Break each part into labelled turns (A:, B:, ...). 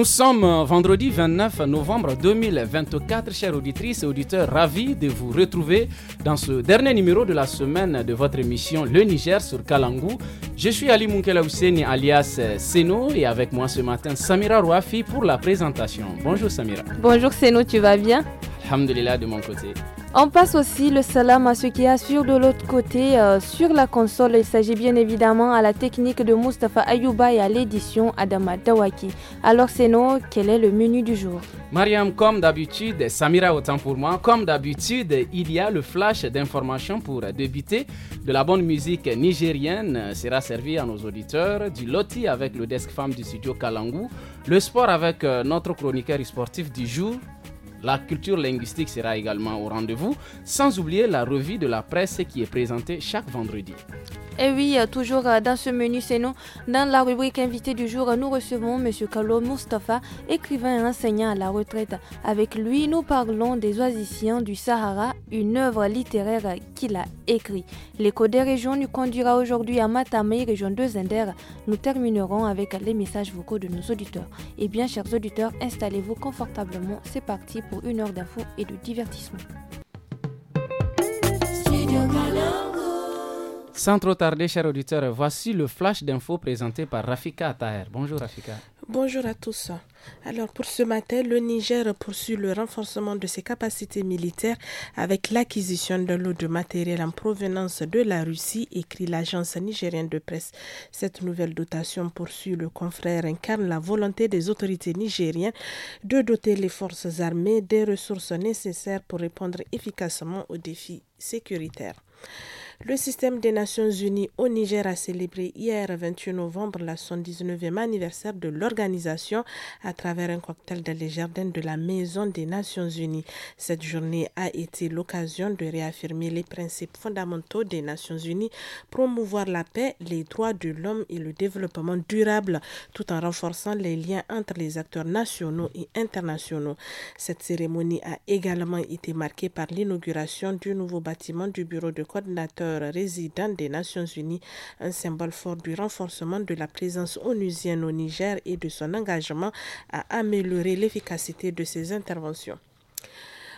A: Nous sommes euh, vendredi 29 novembre 2024, chères auditrices et auditeurs, ravis de vous retrouver dans ce dernier numéro de la semaine de votre émission Le Niger sur Kalangou. Je suis Ali Moukela alias euh, Seno et avec moi ce matin Samira Rouafi pour la présentation. Bonjour Samira.
B: Bonjour Seno, tu vas bien
A: Alhamdulillah de mon côté.
B: On passe aussi le salam à ceux qui assurent de l'autre côté euh, sur la console. Il s'agit bien évidemment à la technique de Mustafa Ayouba et à l'édition Adama Dawaki. Alors Seno, quel est le menu du jour
A: Mariam, comme d'habitude, Samira autant pour moi, comme d'habitude, il y a le flash d'informations pour débuter. De la bonne musique nigérienne sera servie à nos auditeurs, du loti avec le desk femme du studio Kalangu, le sport avec euh, notre chroniqueur sportif du jour, la culture linguistique sera également au rendez-vous, sans oublier la revue de la presse qui est présentée chaque vendredi.
B: Et eh oui, euh, toujours euh, dans ce menu, c'est nous. Dans la rubrique invité du jour, nous recevons M. Kalo Mustafa, écrivain et enseignant à la retraite. Avec lui, nous parlons des Oisiciens du Sahara, une œuvre littéraire qu'il a écrite. L'écho des régions nous conduira aujourd'hui à Matamei, région de Zender. Nous terminerons avec les messages vocaux de nos auditeurs. Eh bien, chers auditeurs, installez-vous confortablement. C'est parti pour une heure d'infos et de divertissement.
A: Sans trop tarder, chers auditeurs, voici le flash d'infos présenté par Rafika Taher. Bonjour Rafika.
C: Bonjour à tous. Alors pour ce matin, le Niger poursuit le renforcement de ses capacités militaires avec l'acquisition de l'eau de matériel en provenance de la Russie, écrit l'agence nigérienne de presse. Cette nouvelle dotation poursuit le confrère incarne la volonté des autorités nigériennes de doter les forces armées des ressources nécessaires pour répondre efficacement aux défis sécuritaires. Le système des Nations Unies au Niger a célébré hier 28 novembre la 119e anniversaire de l'organisation à travers un cocktail dans les jardins de la Maison des Nations Unies. Cette journée a été l'occasion de réaffirmer les principes fondamentaux des Nations Unies, promouvoir la paix, les droits de l'homme et le développement durable tout en renforçant les liens entre les acteurs nationaux et internationaux. Cette cérémonie a également été marquée par l'inauguration du nouveau bâtiment du bureau de coordinateur résident des Nations Unies, un symbole fort du renforcement de la présence onusienne au Niger et de son engagement à améliorer l'efficacité de ses interventions.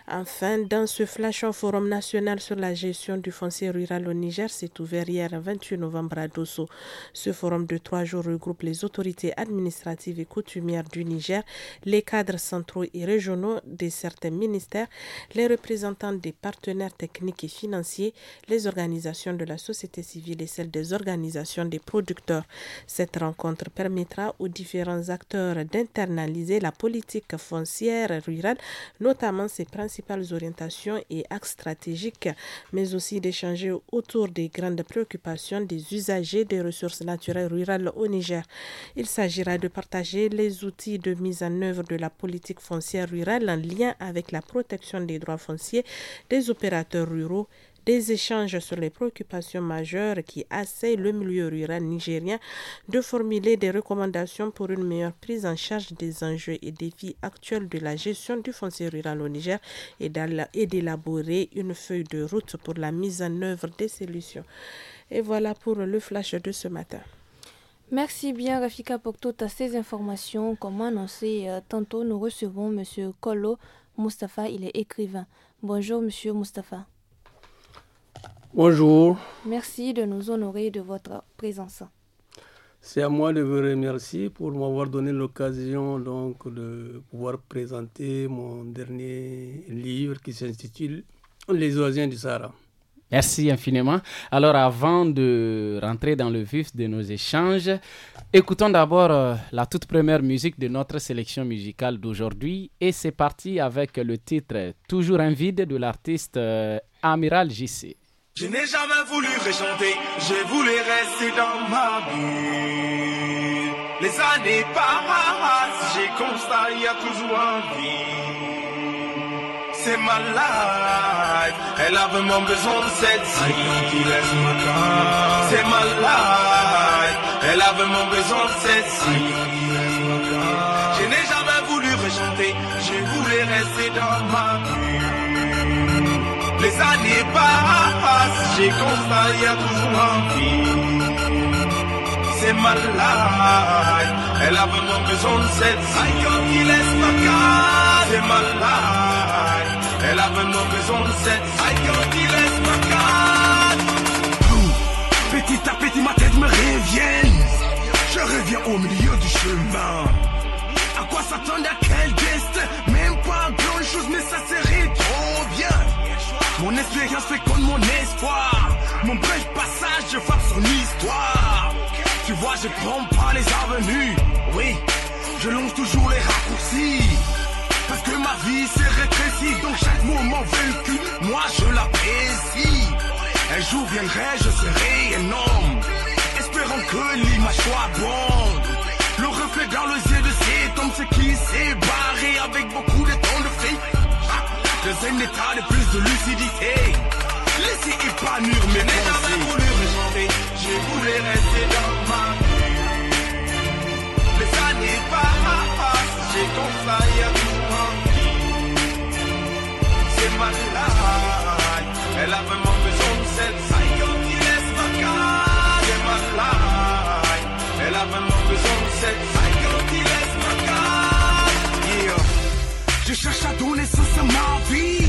C: Enfin, dans ce flash au Forum national sur la gestion du foncier rural au Niger s'est ouvert hier 28 novembre à Dosso. Ce forum de trois jours regroupe les autorités administratives et coutumières du Niger, les cadres centraux et régionaux de certains ministères, les représentants des partenaires techniques et financiers, les organisations de la société civile et celles des organisations des producteurs. Cette rencontre permettra aux différents acteurs d'internaliser la politique foncière rurale, notamment ses principes principales orientations et axes stratégiques, mais aussi d'échanger autour des grandes préoccupations des usagers des ressources naturelles rurales au Niger. Il s'agira de partager les outils de mise en œuvre de la politique foncière rurale en lien avec la protection des droits fonciers des opérateurs ruraux des échanges sur les préoccupations majeures qui assaillent le milieu rural nigérien, de formuler des recommandations pour une meilleure prise en charge des enjeux et défis actuels de la gestion du foncier rural au Niger et d'élaborer une feuille de route pour la mise en œuvre des solutions. Et voilà pour le flash de ce matin.
B: Merci bien Rafika pour toutes ces informations. Comme annoncé euh, tantôt, nous recevons M. Kolo Mustafa, il est écrivain. Bonjour M. Mustapha.
D: Bonjour.
B: Merci de nous honorer de votre présence.
D: C'est à moi de vous remercier pour m'avoir donné l'occasion donc de pouvoir présenter mon dernier livre qui s'intitule Les oisiens du
A: Sahara. Merci infiniment. Alors avant de rentrer dans le vif de nos échanges, écoutons d'abord euh, la toute première musique de notre sélection musicale d'aujourd'hui et c'est parti avec le titre Toujours un vide de l'artiste euh, Amiral JC.
E: Je n'ai jamais voulu rechanter, je voulais rester dans ma bulle. Les années passent, j'ai constat, y a toujours envie. C'est ma life, elle a vraiment besoin de cette vie. C'est ma life, elle a vraiment besoin de cette vie. Je n'ai jamais voulu rechanter, je voulais rester dans ma vie. Les années passent, j'ai constat, y a toujours envie. C'est ma elle a vraiment besoin de cette Aïe, il laisse ma carte. C'est ma elle a vraiment besoin de cette Aïe, il laisse ma carte. je prends pas les avenues. Oui, je longe toujours les raccourcis. Parce que ma vie c'est rétrécie, donc chaque moment vécu, moi je l'apprécie. Un jour viendrai, je serai un homme, espérant que l'image soit bonne. Le reflet dans le yeux de cet homme, Ce qui s'est barré avec beaucoup de temps de fille. deuxième état de plus de lucidité, laissez épanouir mes pensées. Je voulais rester dans ma vie. Mais ça n'est pas ma face, j'ai conseillé à tout manquer. C'est ma life, elle a vraiment besoin de cette psycho qui laisse ma carte. C'est ma life, elle a vraiment besoin de cette psycho qui laisse ma carte. Je cherche à donner sens à ma vie.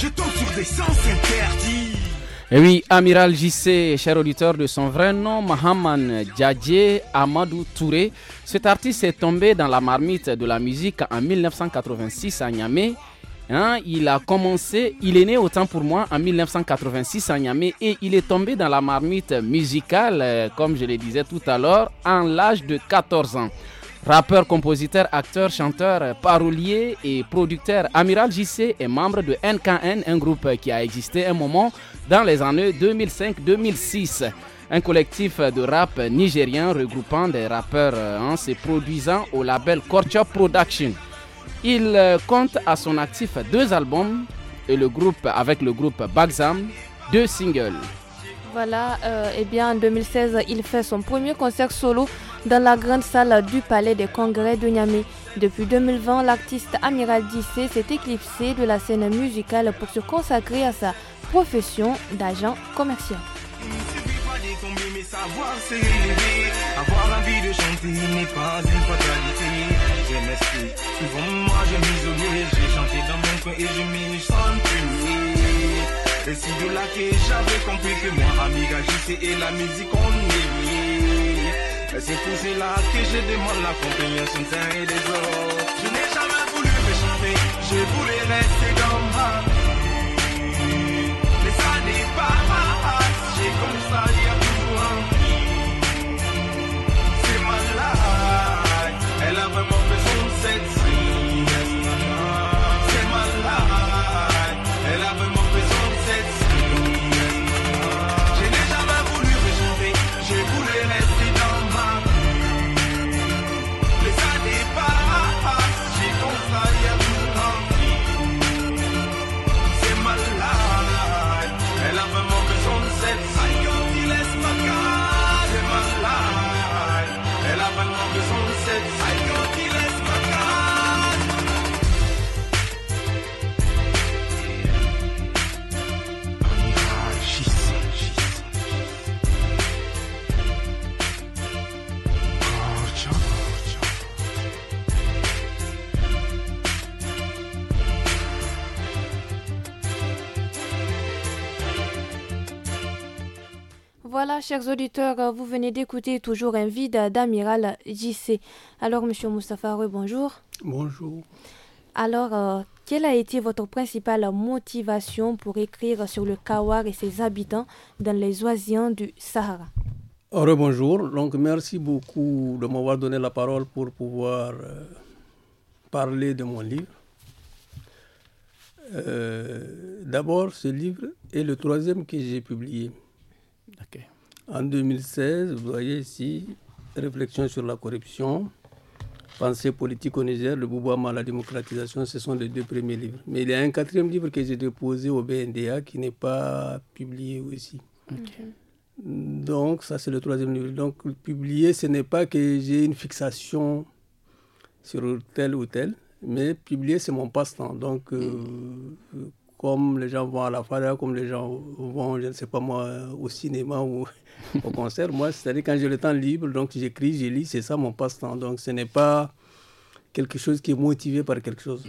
E: Je tombe sur des sens interdits.
A: Et eh oui, Amiral JC, cher auditeur de son vrai nom, Mahaman Djadje Amadou Touré. Cet artiste est tombé dans la marmite de la musique en 1986 à Niamey. Hein, il a commencé, il est né autant pour moi en 1986 à Niamey et il est tombé dans la marmite musicale, euh, comme je le disais tout à l'heure, en l'âge de 14 ans. Rappeur, compositeur, acteur, chanteur, parolier et producteur, Amiral JC est membre de NKN, un groupe qui a existé un moment dans les années 2005-2006 un collectif de rap nigérien regroupant des rappeurs euh, en se produisant au label Culture Production. Il euh, compte à son actif deux albums et le groupe avec le groupe Bagzam deux singles.
B: Voilà, et euh, eh bien en 2016, il fait son premier concert solo dans la grande salle du Palais des Congrès de Niamey. Depuis 2020, l'artiste Amiral Dissé s'est éclipsé de la scène musicale pour se consacrer à sa profession d'agent commercial.
E: souvent moi je j'ai chanté dans mon coin et je et si de là que j'avais compris que moi, ami agissait et la musique on est. C'est pour cela que je demande la compagnie des uns et des autres. Je n'ai jamais voulu me chanter, je voulais rester dans ma
B: Voilà, chers auditeurs, euh, vous venez d'écouter toujours un vide d'Amiral JC. Alors, Monsieur Moustapha, bonjour.
D: Bonjour.
B: Alors, euh, quelle a été votre principale motivation pour écrire sur le Kawar et ses habitants dans les oisillons du Sahara
D: oh, bonjour. Donc, merci beaucoup de m'avoir donné la parole pour pouvoir euh, parler de mon livre. D'abord, ce livre est le troisième que j'ai publié. En 2016, vous voyez ici, réflexion sur la corruption, pensée politique au Niger, le à la démocratisation, ce sont les deux premiers livres. Mais il y a un quatrième livre que j'ai déposé au BNDA qui n'est pas publié aussi. Mm, donc, ça, c'est le troisième livre. Donc, publier, ce n'est pas que j'ai une fixation sur tel ou tel, mais publier, c'est mon passe-temps. Donc, euh, mm. euh, comme les gens vont à la fada, comme les gens vont, je ne sais pas moi, euh, au cinéma ou au concert. Moi, c'est-à-dire quand j'ai le temps libre, donc j'écris, j'ai lu, c'est ça mon passe-temps. Donc ce n'est pas quelque chose qui est motivé par quelque chose.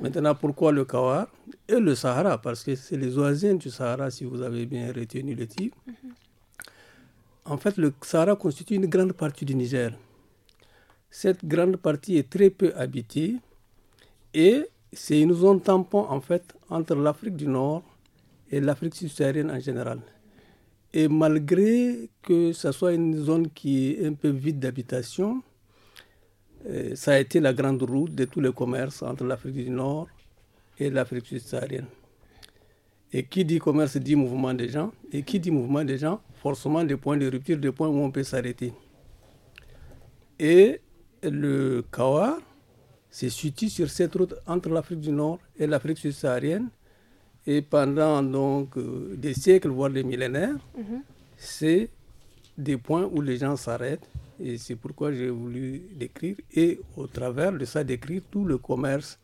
D: Maintenant, pourquoi le Kawar et le Sahara Parce que c'est les oisins du Sahara, si vous avez bien retenu le titre. Mm-hmm. En fait, le Sahara constitue une grande partie du Niger. Cette grande partie est très peu habitée et c'est une zone tampon en fait entre l'Afrique du Nord et l'Afrique subsaharienne en général. Et malgré que ce soit une zone qui est un peu vide d'habitation, euh, ça a été la grande route de tous les commerces entre l'Afrique du Nord et l'Afrique subsaharienne. Et qui dit commerce dit mouvement des gens. Et qui dit mouvement des gens, forcément des points de rupture, des points où on peut s'arrêter. Et le Kawa, c'est situé sur cette route entre l'Afrique du Nord et l'Afrique subsaharienne. Et pendant donc euh, des siècles, voire des millénaires, mhm. c'est des points où les gens s'arrêtent. Et c'est pourquoi j'ai voulu décrire, et au travers de ça, décrire tout le commerce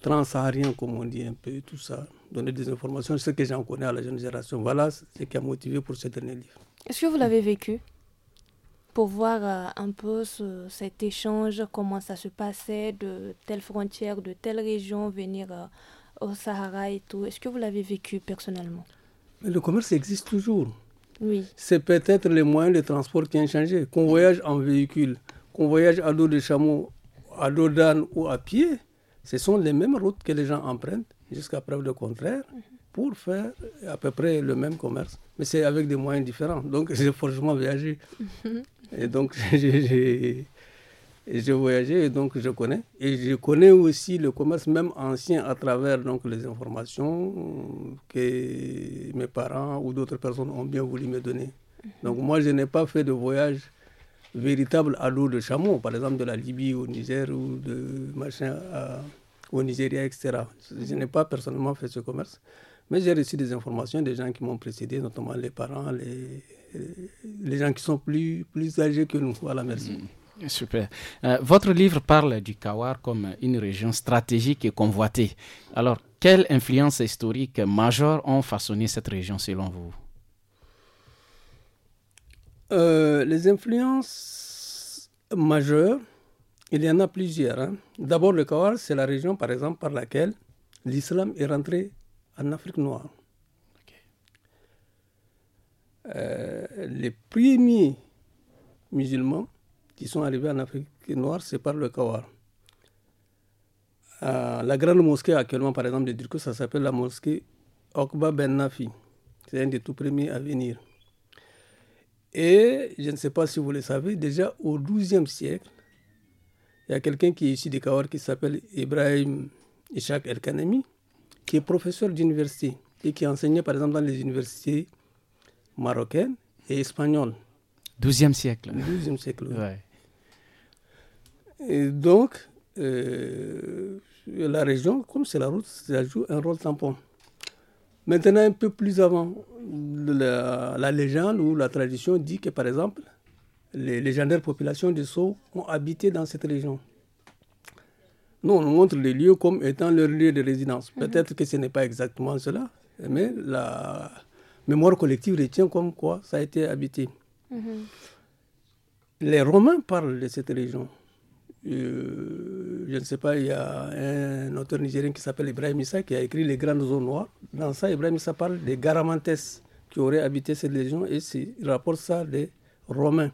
D: transsaharien, comme on dit un peu, tout ça, donner des informations, ce que j'en connais à la jeune génération. Voilà ce qui a motivé pour ce dernier livre.
B: Est-ce que vous l'avez vécu pour voir euh, un peu cet échange, comment ça se passait de telle frontière, de telle région, venir euh, au Sahara et tout. Est-ce que vous l'avez vécu personnellement
D: Le commerce existe toujours. Oui. C'est peut-être les moyens de transport qui ont changé. Qu'on voyage en véhicule, qu'on voyage à dos de chameau, à dos d'âne ou à pied, ce sont les mêmes routes que les gens empruntent, jusqu'à preuve de contraire. Mhm pour faire à peu près le même commerce, mais c'est avec des moyens différents. Donc j'ai forcément voyagé. et donc j'ai voyagé et donc je connais. Et je connais aussi le commerce même ancien à travers donc, les informations que mes parents ou d'autres personnes ont bien voulu me donner. Mhm. Donc moi je n'ai pas fait de voyage véritable à l'eau de chameau, par exemple de la Libye au Niger ou de machin au Nigeria, etc. Je n'ai pas personnellement fait ce commerce. Mais j'ai reçu des informations des gens qui m'ont précédé, notamment les parents, les, les
A: gens qui sont plus, plus âgés que nous. Voilà, merci. Mm. Super. Euh, votre livre parle du Kawar comme une région stratégique et convoitée. Alors, quelles influences historiques majeures ont façonné cette région selon vous
D: euh, Les influences majeures, il y en a plusieurs. Hein. D'abord, le Kawar, c'est la région, par exemple, par laquelle l'islam est rentré en Afrique noire. Euh, les premiers musulmans qui sont arrivés en Afrique noire, c'est par le Kawar. Euh, la grande mosquée actuellement, par exemple, de Dirko, ça s'appelle la mosquée Okba Ben Nafi. C'est un des tout premiers à venir. Et je ne sais pas si vous le savez, déjà au 12e siècle, il y a quelqu'un qui est issu des Kawar qui s'appelle Ibrahim Ishaq El-Kanemi, qui est professeur d'université et qui enseignait par exemple dans les universités marocaines et espagnoles.
A: 12e siècle. 12e siècle. Oui.
D: Et donc, euh, la région, comme c'est la route, ça joue un rôle tampon. Maintenant, un peu plus avant, la, la légende ou la tradition dit que, par exemple, les légendaires populations de Sceaux ont habité dans cette région. Nous, on montre les lieux comme étant leur lieu de résidence. Mhm. Peut-être que ce n'est pas exactement cela, mais la mémoire collective retient comme quoi ça a été habité. Mhm. Les Romains parlent de cette région. Euh, je ne sais pas, il y a un auteur nigérien qui s'appelle Ibrahim Issa qui a écrit Les Grandes Zones Noires. Dans ça, Ibrahim Issa parle des Garamantes qui auraient habité cette région et il rapporte ça des Romains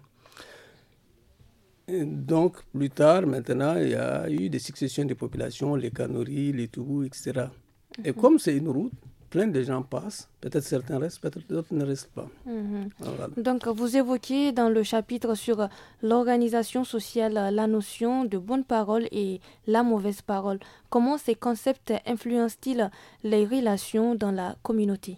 D: donc, plus tard, maintenant, il y a eu des successions de populations, les Canories, les Toubous, etc. Et mhm. comme c'est une route, plein de gens passent. Peut-être certains restent, peut-être d'autres ne restent pas. Mhm.
B: Donc, vous évoquez dans le chapitre sur l'organisation sociale la notion de bonne parole et la mauvaise parole. Comment ces concepts influencent-ils les relations dans la communauté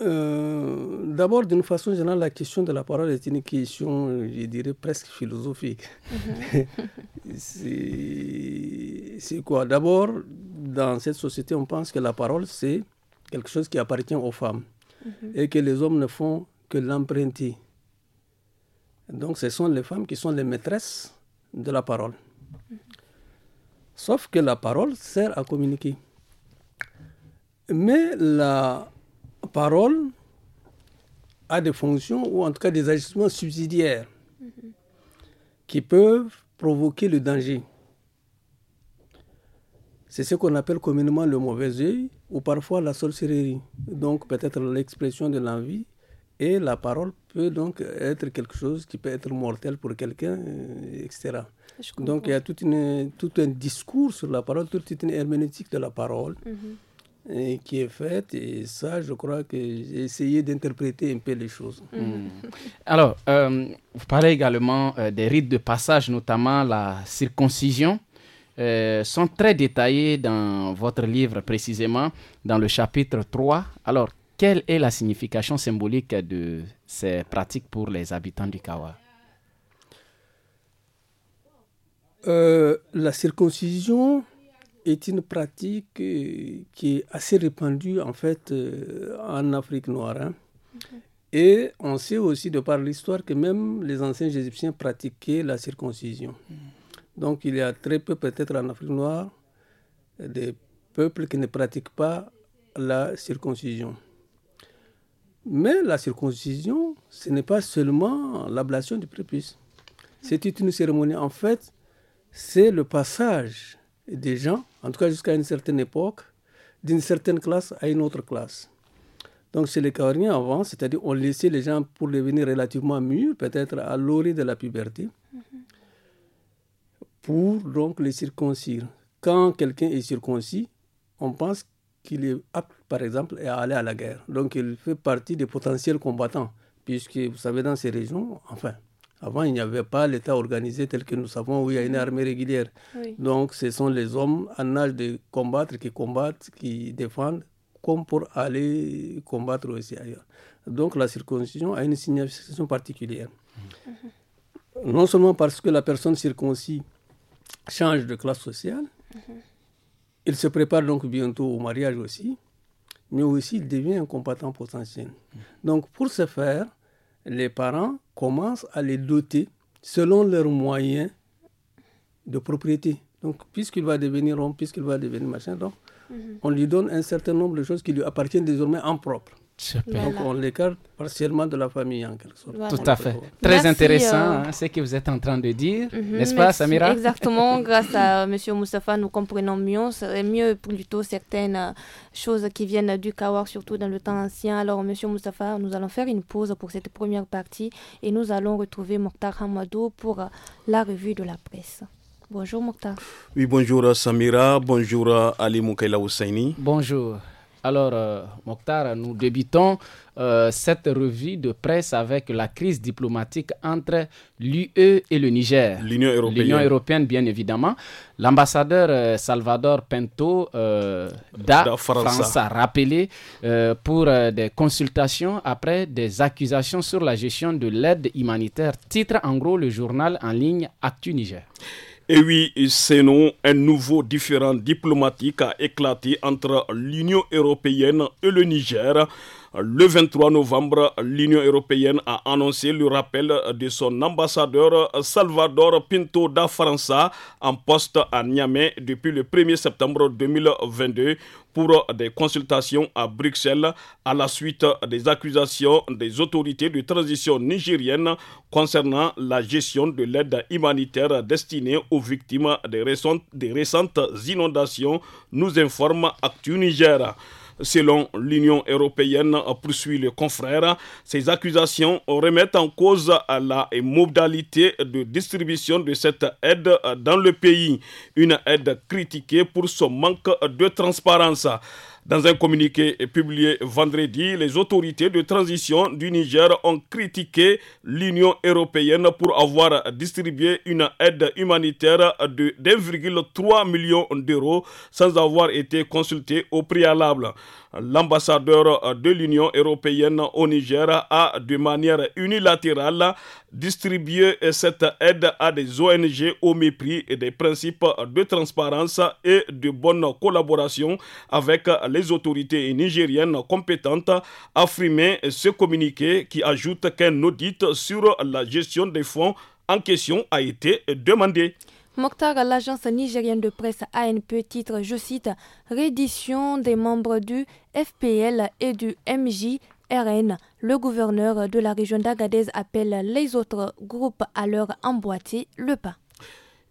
D: euh, d'abord, d'une façon générale, la question de la parole est une question, je dirais, presque philosophique. Mm-hmm. c'est quoi D'abord, dans cette société, on pense que la parole, c'est quelque chose qui appartient aux femmes mm-hmm. et que les hommes ne font que l'emprunter. Donc, ce sont les femmes qui sont les maîtresses de la parole. Mm-hmm. Sauf que la parole sert à communiquer. Mais la parole a des fonctions ou en tout cas des agissements subsidiaires qui peuvent provoquer le danger. C'est ce qu'on appelle communément le mauvais œil ou parfois la sorcellerie. Donc peut-être l'expression de l'envie et la parole peut donc être quelque chose qui peut être mortel pour quelqu'un, euh, etc. Donc il y a tout, tout un discours sur la parole, toute une herméneutique de la parole. Mhm qui est faite. Et ça, je crois que j'ai essayé d'interpréter un peu les choses. Mm.
A: Alors, euh, vous parlez également euh, des rites de passage, notamment la circoncision. Euh, sont très détaillés dans votre livre précisément, dans le chapitre 3. Alors, quelle est la signification symbolique de ces pratiques pour les habitants du Kawa
D: La circoncision, est une pratique euh, qui est assez répandue en fait euh, en Afrique noire. Hein. Et on sait aussi de par l'histoire que même les anciens Égyptiens pratiquaient la circoncision. Hmm. Donc il y a très peu peut-être en Afrique noire des peuples qui ne pratiquent pas la circoncision. Mais la circoncision, ce n'est pas seulement l'ablation du prépuce. Hmm. C'est une cérémonie. En fait, c'est le passage des gens en tout cas jusqu'à une certaine époque, d'une certaine classe à une autre classe. Donc chez les Caoriens avant, c'est-à-dire on laissait les gens pour devenir relativement mûrs, peut-être à l'orée de la puberté, mhm. pour donc les circoncire. Quand quelqu'un est circoncis, on pense qu'il est apte, par exemple, à aller à la guerre. Donc il fait partie des potentiels combattants, puisque vous savez, dans ces régions, enfin, avant, il n'y avait pas l'État organisé tel que nous savons où il y a une mm. armée régulière. Donc, ce sont les hommes en âge de combattre qui combattent, qui défendent, comme pour aller combattre aussi ailleurs. Donc, la circoncision a une signification particulière. Mm-hmm. Non seulement parce que la personne circoncis change de classe sociale, mm-hmm. il se prépare donc bientôt au mariage aussi, mais aussi il devient un combattant potentiel. Mm-hmm. Donc, pour ce faire, les parents commence à les doter selon leurs moyens de propriété. Donc, puisqu'il va devenir homme, puisqu'il va devenir machin, mhm. on lui donne un certain nombre de choses qui lui appartiennent désormais en propre. Donc on l'écarte partiellement de la famille en quelque sorte.
B: Tout à fait. Très intéressant euh,
A: hein, ce que vous êtes en train de dire, mhm. n'est-ce pas Samira Exactement,
B: grâce à euh, M. Moustapha nous comprenons mieux, mieux plutôt certaines euh, choses qui viennent du Kawar, surtout dans le temps ancien. Alors M. Moustapha, nous allons faire une pause pour cette première partie et nous allons retrouver Mokhtar Hamadou pour la revue de la presse. Bonjour Mokhtar.
F: Oui, bonjour Samira, bonjour Ali Moukaila Hussaini. Bonjour.
A: Alors, euh, Mokhtar, nous débutons euh, cette revue de presse avec la crise diplomatique entre l'UE et le Niger. L'Union européenne. bien évidemment. L'ambassadeur euh, Salvador Pinto a rappelé pour des consultations après des accusations sur la gestion de
F: l'aide humanitaire. Titre en gros le journal en ligne Actu Niger. Et oui, sinon, un nouveau différent diplomatique a éclaté entre l'Union européenne et le Niger le 23 novembre, l'Union européenne a annoncé le rappel de son ambassadeur Salvador Pinto da França en poste à Niamey depuis le 1er septembre 2022 pour des consultations à Bruxelles à la suite des accusations des autorités de transition nigérienne concernant la gestion de l'aide humanitaire destinée aux victimes des récentes, inondations, nous informe Actu Niger selon l'Union européenne, euh, poursuit le confrère. Ces accusations remettent en cause euh, la modalité de distribution de cette aide euh, dans le pays, une aide critiquée pour son manque de transparence. Dans un communiqué publié vendredi, les autorités de transition du Niger ont critiqué l'Union européenne pour avoir distribué une aide humanitaire de 1,3 million d'euros sans avoir été consultée au préalable. L'ambassadeur de l'Union européenne au Niger a, de manière unilatérale, distribué cette aide à des ONG au mépris des principes de transparence et de bonne collaboration avec les les autorités nigériennes compétentes affirment ce communiqué qui ajoute qu'un audit sur la gestion des fonds en question a été demandé.
B: Mokhtar, l'agence nigérienne de presse ANP titre, je cite, Rédition des membres du FPL et du MJRN ». le gouverneur de la région d'Agadez appelle les autres groupes à leur emboîter le pas.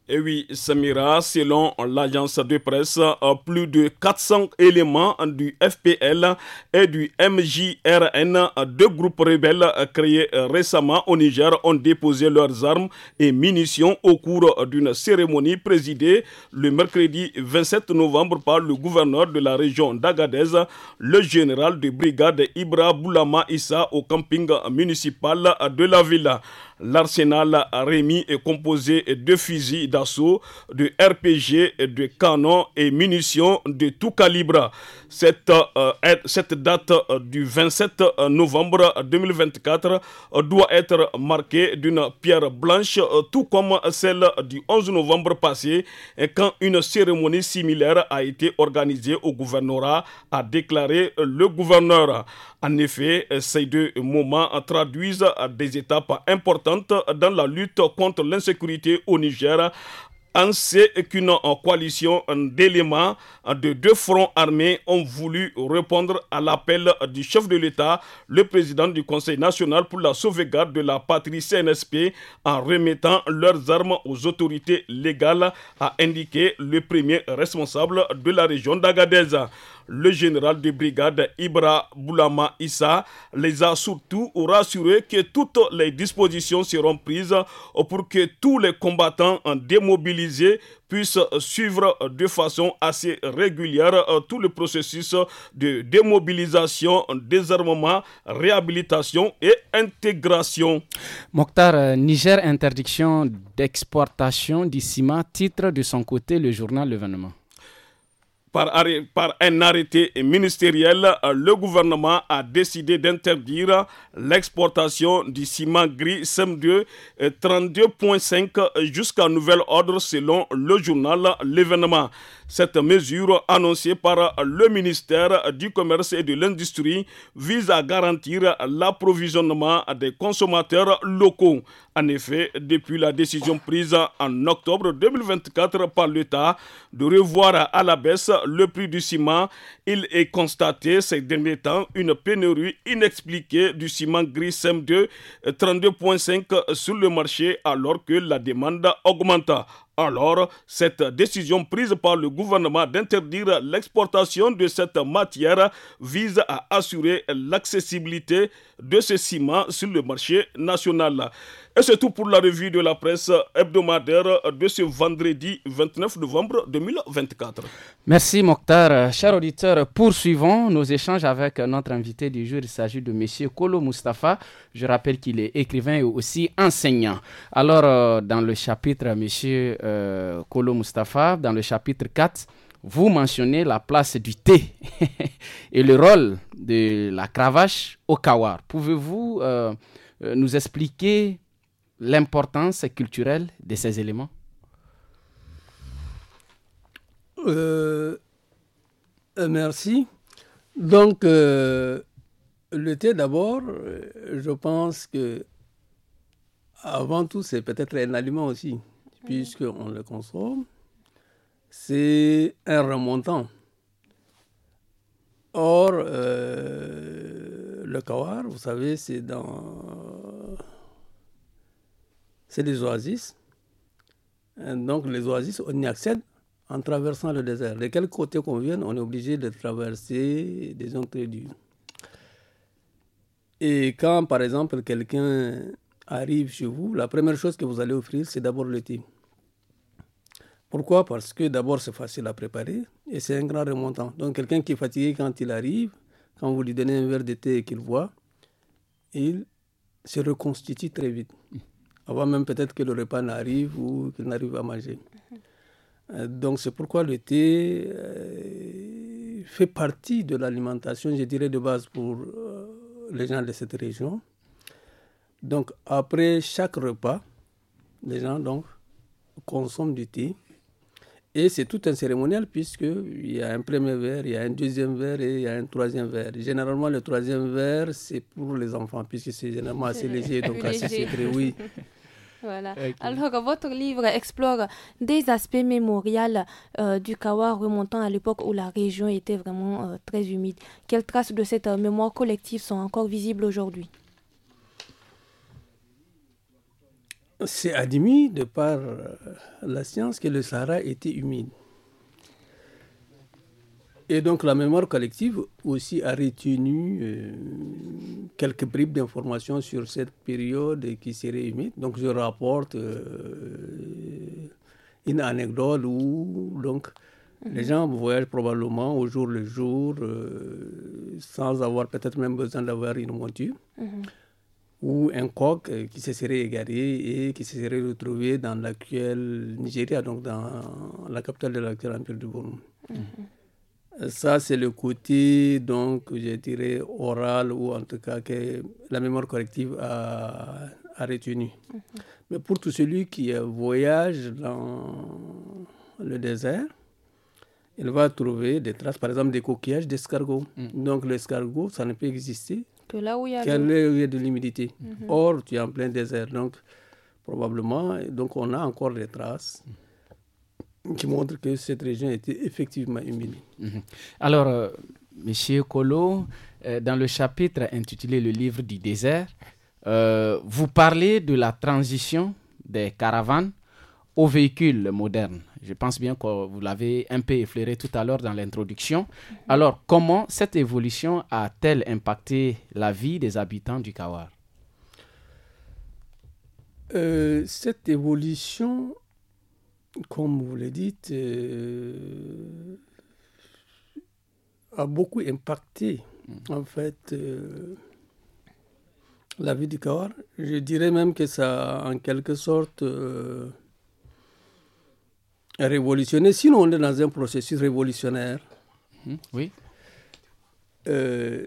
F: Et eh oui, Samira, selon l'agence de presse, euh, plus de 400 éléments du FPL et du MJRN, euh, deux groupes rebelles euh, créés récemment au Niger, ont déposé leurs armes et munitions au cours d'une cérémonie présidée le mercredi 27 novembre par le gouverneur de la région d'Agadez, le général de brigade Ibra Boulama Issa au camping municipal de la ville. L'arsenal Rémi est composé de fusils d'assaut, de RPG, de canons et munitions de tout calibre cette, euh, cette date euh, du 27 euh, novembre 2024 doit être marquée d'une pierre blanche, tout comme celle du 11 novembre passé, quand une cérémonie similaire a été organisée au gouvernorat, a déclaré le gouverneur. En effet, ces deux moments traduisent des étapes importantes dans la lutte contre l'insécurité au Niger en sait qu'une coalition d'éléments de deux fronts armés ont voulu répondre à l'appel du chef de l'État, le président du Conseil national pour la sauvegarde de la patrie CNSP, en remettant leurs armes aux autorités légales, a indiqué le premier responsable de la région d'Agadez. Le général de brigade Ibra Boulama Issa les a surtout rassurés que toutes les dispositions seront prises pour que tous les combattants démobilisés puissent suivre de façon assez régulière euh, tout le processus de démobilisation, désarmement, réhabilitation et intégration.
A: Mokhtar, euh, Niger interdiction d'exportation du ciment, titre de son côté le journal L'événement
F: par, par, un arrêté ministériel, euh, le gouvernement a décidé d'interdire l'exportation du ciment gris SEM2 32.5 euh, euh, jusqu'à nouvel ordre selon le journal L'événement. Cette mesure annoncée par le ministère du Commerce et de l'Industrie vise à garantir l'approvisionnement des consommateurs locaux. En effet, depuis la décision prise en octobre 2024 par l'État de revoir à la baisse le prix du ciment. Il est constaté ces derniers temps une pénurie inexpliquée du ciment gris m 2 32.5 sur le marché alors que la demande augmenta. Alors, cette décision prise par le gouvernement d'interdire l'exportation de cette matière vise à assurer l'accessibilité de ce ciment sur le marché national. Et c'est tout pour la revue de la presse hebdomadaire de ce vendredi 29 novembre 2024.
A: Merci Mokhtar. Chers auditeurs, poursuivons nos échanges avec notre invité du jour. Il s'agit de M. Kolo Mustafa. Je rappelle qu'il est écrivain et aussi enseignant. Alors, euh, dans le chapitre, M. Euh, Kolo Mustafa, dans le chapitre 4, vous mentionnez la place du thé et le rôle de la cravache au kawar. Pouvez-vous euh, euh, nous expliquer l'importance culturelle de ces éléments
D: Merci. Donc, le thé d'abord, je pense que avant tout, c'est peut-être un aliment aussi puisqu'on le consomme, c'est un remontant. Or, euh, le kawar, vous savez, c'est dans. C'est des oasis. donc, les oasis, on y accède en traversant le désert. De quel côté qu'on vienne, on est obligé de traverser des entrées du. Et quand, par exemple, quelqu'un arrive chez vous, la première chose que vous allez offrir, c'est d'abord le thé. Pourquoi Parce que d'abord, c'est facile à préparer et c'est un grand remontant. Donc, quelqu'un qui est fatigué quand il arrive, quand vous lui donnez un verre de thé et qu'il voit, il se reconstitue très vite. Avant même peut-être que le repas n'arrive ou qu'il n'arrive à manger. Euh, donc, c'est pourquoi le thé euh, fait partie de l'alimentation, je dirais, de base pour euh, les gens de cette région. Donc, après chaque repas, les gens donc, consomment du thé et c'est tout un cérémonial puisqu'il y a un premier verre, il y a un deuxième verre et il y a un troisième verre. Généralement, le troisième verre, c'est pour les enfants puisque c'est généralement assez léger, donc assez secret, oui.
B: Voilà. Alors, votre livre explore des aspects mémorials euh, du Kawa remontant à l'époque où la région était vraiment euh, très humide. Quelles traces de cette euh, mémoire collective sont encore visibles aujourd'hui
D: c'est admis de par euh, la science que le Sahara était humide. Et donc la mémoire collective aussi a retenu euh, quelques bribes d'informations sur cette période qui serait humide. Donc je rapporte euh, une anecdote où donc Les mhm. gens voyagent probablement au jour le jour, sans avoir peut-être même besoin d'avoir une monture. Mhm ou un coq euh, qui se serait égaré et qui se serait retrouvé dans l'actuel Nigeria, donc dans la capitale de l'actuel empire du Burundi. Mhm. Euh, ça, c'est le côté, donc, je dirais, oral, ou en tout cas que la mémoire collective a, retenu. Mhm. Mais pour tout celui qui voyage dans le désert, il va trouver des traces, par exemple, des coquillages d'escargots. Mhm. Donc, l'escargot, ça ne peut exister que là où il y a, de l'humidité. Mhm. Or, tu es en plein désert, donc probablement, donc on a encore des traces qui montrent que cette région était effectivement humide.
A: Mhm. Alors, euh, Monsieur Colo, euh, dans le chapitre intitulé Le livre du désert, euh, vous parlez de la transition des caravanes aux véhicules modernes. Je pense bien que vous l'avez un peu effleuré tout à l'heure dans l'introduction. Mhm. Alors, comment cette évolution a-t-elle impacté la vie des habitants du Kawar
D: euh, Cette évolution, comme vous le dites, euh, a beaucoup impacté, mhm. en fait, euh, la vie du Kawar. Je dirais même que ça en quelque sorte, révolutionner. Sinon, on est dans un processus révolutionnaire. Hmm, oui. Euh,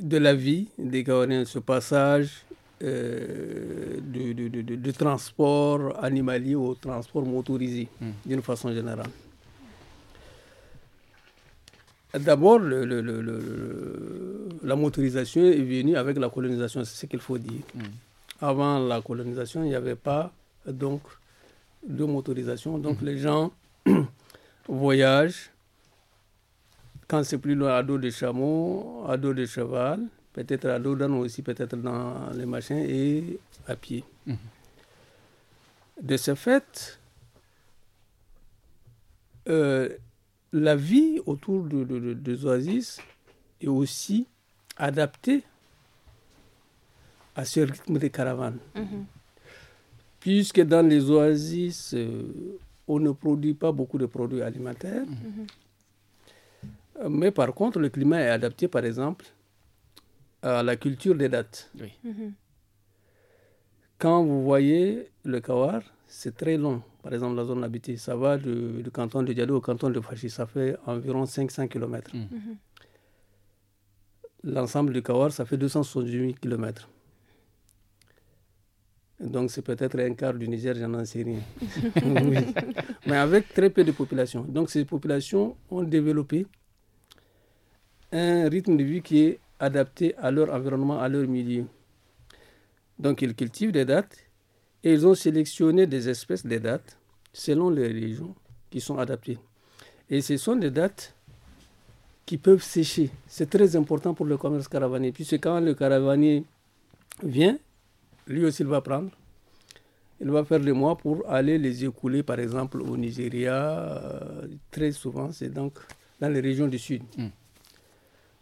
D: de la vie des Gaoniens, ce passage euh, du, transport animalier au transport motorisé, hmm. d'une façon générale. D'abord, la motorisation est venue avec la colonisation, c'est ce qu'il faut dire. Hmm. Avant la colonisation, il n'y avait pas donc de motorisation. Donc mm. les gens voyagent quand c'est plus loin à dos de chameau, à dos de cheval, peut-être à dos d'âne aussi, peut-être dans les machins et à pied. Mm-hmm. De ce fait, euh, la vie autour de, des oasis est aussi adaptée à ce rythme des caravanes. Mm-hmm. Puisque dans les oasis, euh, on ne produit pas beaucoup de produits alimentaires. Mhm. Mhm. Euh, mais par contre, le climat est adapté, par exemple, à la culture des dates. Mhm. Quand vous voyez le kawar, c'est très long. Par exemple, la zone habitée, ça va du, canton de Diado au canton de Fachi, ça fait environ 500 km. L'ensemble du kawar, ça fait 278 km. Donc c'est peut-être un quart du Niger, j'en sais rien. Mais avec très peu de population. Donc ces populations ont développé un rythme de vie qui est adapté à leur environnement, à leur milieu. Donc ils cultivent des dates et ils ont sélectionné des espèces de dates selon les régions qui sont adaptées. Et ce sont des dates qui peuvent sécher. C'est très important pour le commerce caravanier. Puisque quand le caravanier vient, lui aussi, il va prendre. Il va faire les mois pour aller les écouler, par exemple, au Nigeria. Euh, très souvent, c'est donc dans les régions du sud. Hmm.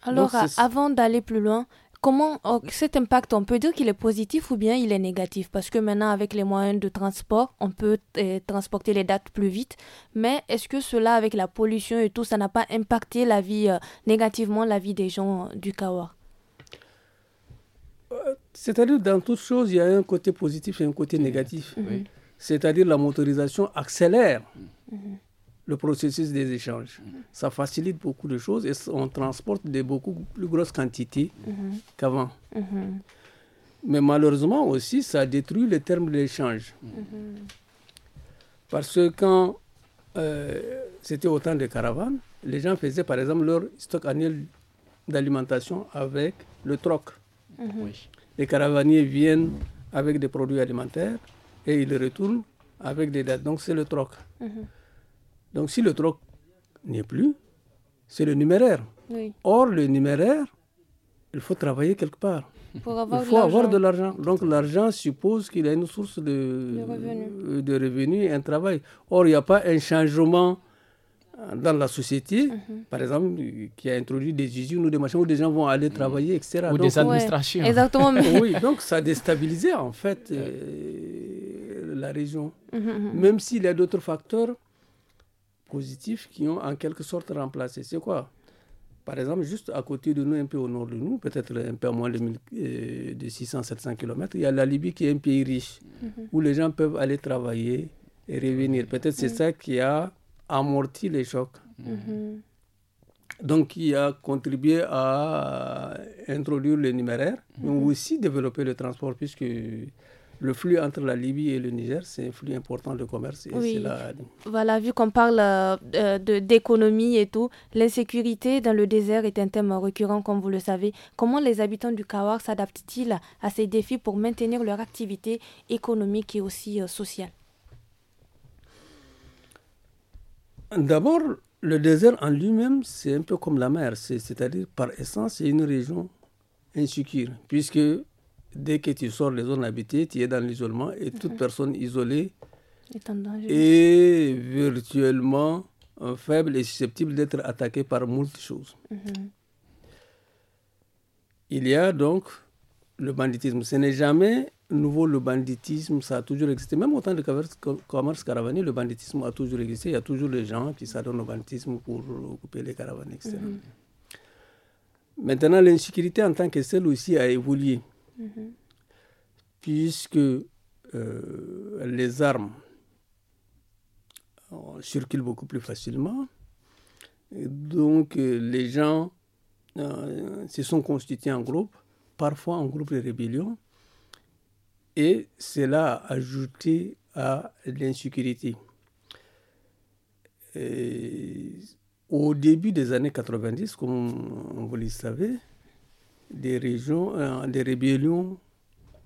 G: Alors, avant
B: d'aller plus loin, comment oh, cet impact, on peut dire qu'il est positif ou bien il est négatif Parce que maintenant, avec les moyens de transport, on peut eh, transporter les dates plus vite. Mais est-ce que cela, avec la pollution et tout, ça n'a pas impacté la vie euh, négativement la vie des gens du Kawa
D: c'est-à-dire, dans toute choses, il y a un côté positif et un côté mmh. négatif. Mmh. C'est-à-dire, la motorisation accélère mmh. le processus des échanges. Ça facilite beaucoup de choses et on transporte de beaucoup plus grosses quantités qu'avant. Mais malheureusement aussi, ça détruit le terme d'échange. Parce que quand euh, c'était au temps des caravanes, les gens faisaient par exemple leur stock annuel d'alimentation avec le troc. Oui les caravaniers viennent avec des produits alimentaires et ils retournent avec des dates. Donc c'est le troc. Mhm. Donc si le troc n'est plus, c'est le numéraire. Or, le numéraire, il faut travailler quelque part.
B: il faut avoir de
D: l'argent. Donc l'argent suppose qu'il y a une source de, de revenus. Euh, de revenus et un travail. Or, il n'y a pas un changement euh, dans la société, mhm. par exemple, qui a introduit des usines ou des machins où des gens vont aller travailler, etc. Ou des administrations. exactement. oui, donc ça déstabilisé, en fait euh, la région. Mhm, mhm. Même s'il y a d'autres facteurs positifs qui ont en quelque sorte remplacé. C'est quoi Par exemple, juste à côté de nous, un peu au nord de nous, peut-être un peu moins de, 600-700 euh, km, il y a la Libye qui est un pays riche, où les gens peuvent aller travailler et revenir. Peut-être c'est ça qui a amorti les chocs.
H: Mm-hmm.
D: Donc, il a contribué à introduire le numéraire, mais mm-hmm. aussi développer le transport, puisque le flux entre la Libye et le Niger, c'est un flux important de commerce.
B: Voilà, vu qu'on parle euh, euh, de d'économie et tout, l'insécurité dans le désert est un thème récurrent, comme vous le savez. Comment les habitants du Kawar s'adaptent-ils à ces défis pour maintenir leur activité économique et aussi euh, sociale
D: D'abord, le désert en lui-même, c'est un peu comme la mer, c'est-à-dire par essence, c'est une région insécure, puisque dès que tu sors des zones habitées, tu es dans l'isolement et toute mhm. personne isolée est, virtuellement euh, faible et susceptible d'être attaquée par moult choses. Mhm. Il y a donc le banditisme. Ce n'est jamais nouveau, le banditisme, ça a toujours existé. Même au temps de commerce caravanier, le banditisme a toujours existé. Il y a toujours des gens qui s'adonnent au banditisme pour couper les caravanes, etc. Mhm. Maintenant, l'insécurité en tant que celle aussi a évolué. Mhm. Puisque euh, les armes euh, circulent beaucoup plus facilement. donc, euh, les gens se sont constitués en groupe, parfois en groupe de rébellion et cela a ajouté à l'insécurité. Au début des années 90, comme vous le savez, des, régions, euh, des rébellions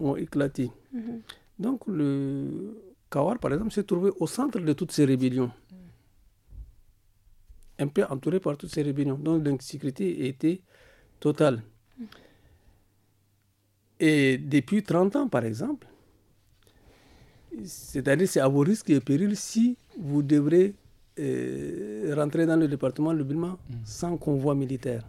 D: ont éclaté. Mm-hmm. Donc le Kawar, par exemple, s'est trouvé au centre de toutes ces rébellions. Un peu entouré par toutes ces rébellions. Donc l'insécurité était totale. Et depuis 30 ans, par exemple, c'est-à-dire c'est à vos risques et périls si vous devrez euh, rentrer dans le département de Bilma mm. sans convoi militaire.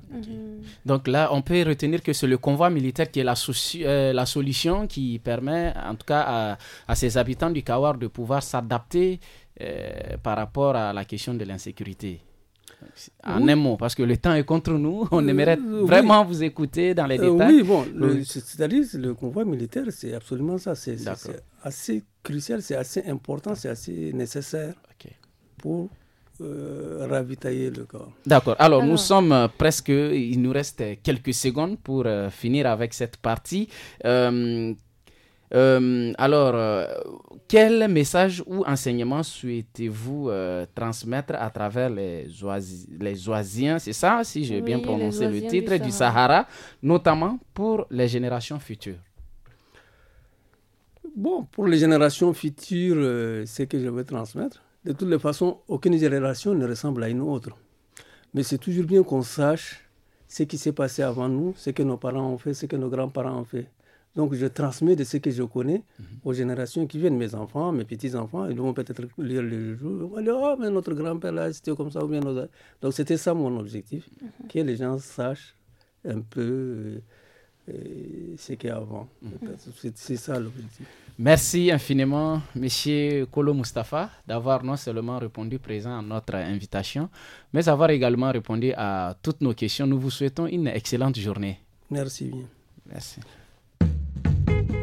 A: Donc là, on peut retenir que c'est le convoi militaire qui est la, euh, la, solution qui permet, en tout cas, à, ces habitants du Kawar de pouvoir s'adapter euh, par rapport à la question de l'insécurité. En un mot, parce que le temps est contre nous, on euh, aimerait
I: vraiment vous écouter dans les euh, détails. oui, bon, euh, le,
D: c'est-à-dire le convoi militaire, c'est absolument ça. C'est assez crucial, c'est assez important, c'est assez nécessaire pour ravitailler le corps. D'accord. Alors, Alors, nous
A: sommes presque, il nous reste quelques secondes pour finir avec cette partie. Euh, alors, euh, quel message ou enseignement souhaitez-vous euh, transmettre à travers les, les Oisiens, c'est ça, si j'ai bien prononcé le titre, du Sahara. notamment pour les générations futures
D: Bon, pour les générations futures, ce que je veux transmettre. De toutes les façons, aucune génération ne ressemble à une autre. Mais c'est toujours bien qu'on sache ce qui s'est passé avant nous, ce que nos parents ont fait, ce que nos grands-parents ont fait donc je transmets de ce que je connais mhm. aux générations qui viennent, mes enfants, mes petits-enfants, ils vont peut-être lire les jour, ils vont dire, oh, mais notre grand-père là, c'était comme ça, Donc c'était ça mon objectif, mhm. que les gens sachent
A: un peu euh, euh, ce qu'il y a avant. C'est ça l'objectif. Merci infiniment, Monsieur Kolo Mustafa, d'avoir non seulement répondu présent à notre invitation, mais avoir également répondu à toutes nos questions. Nous vous souhaitons une excellente journée. Merci bien. Merci.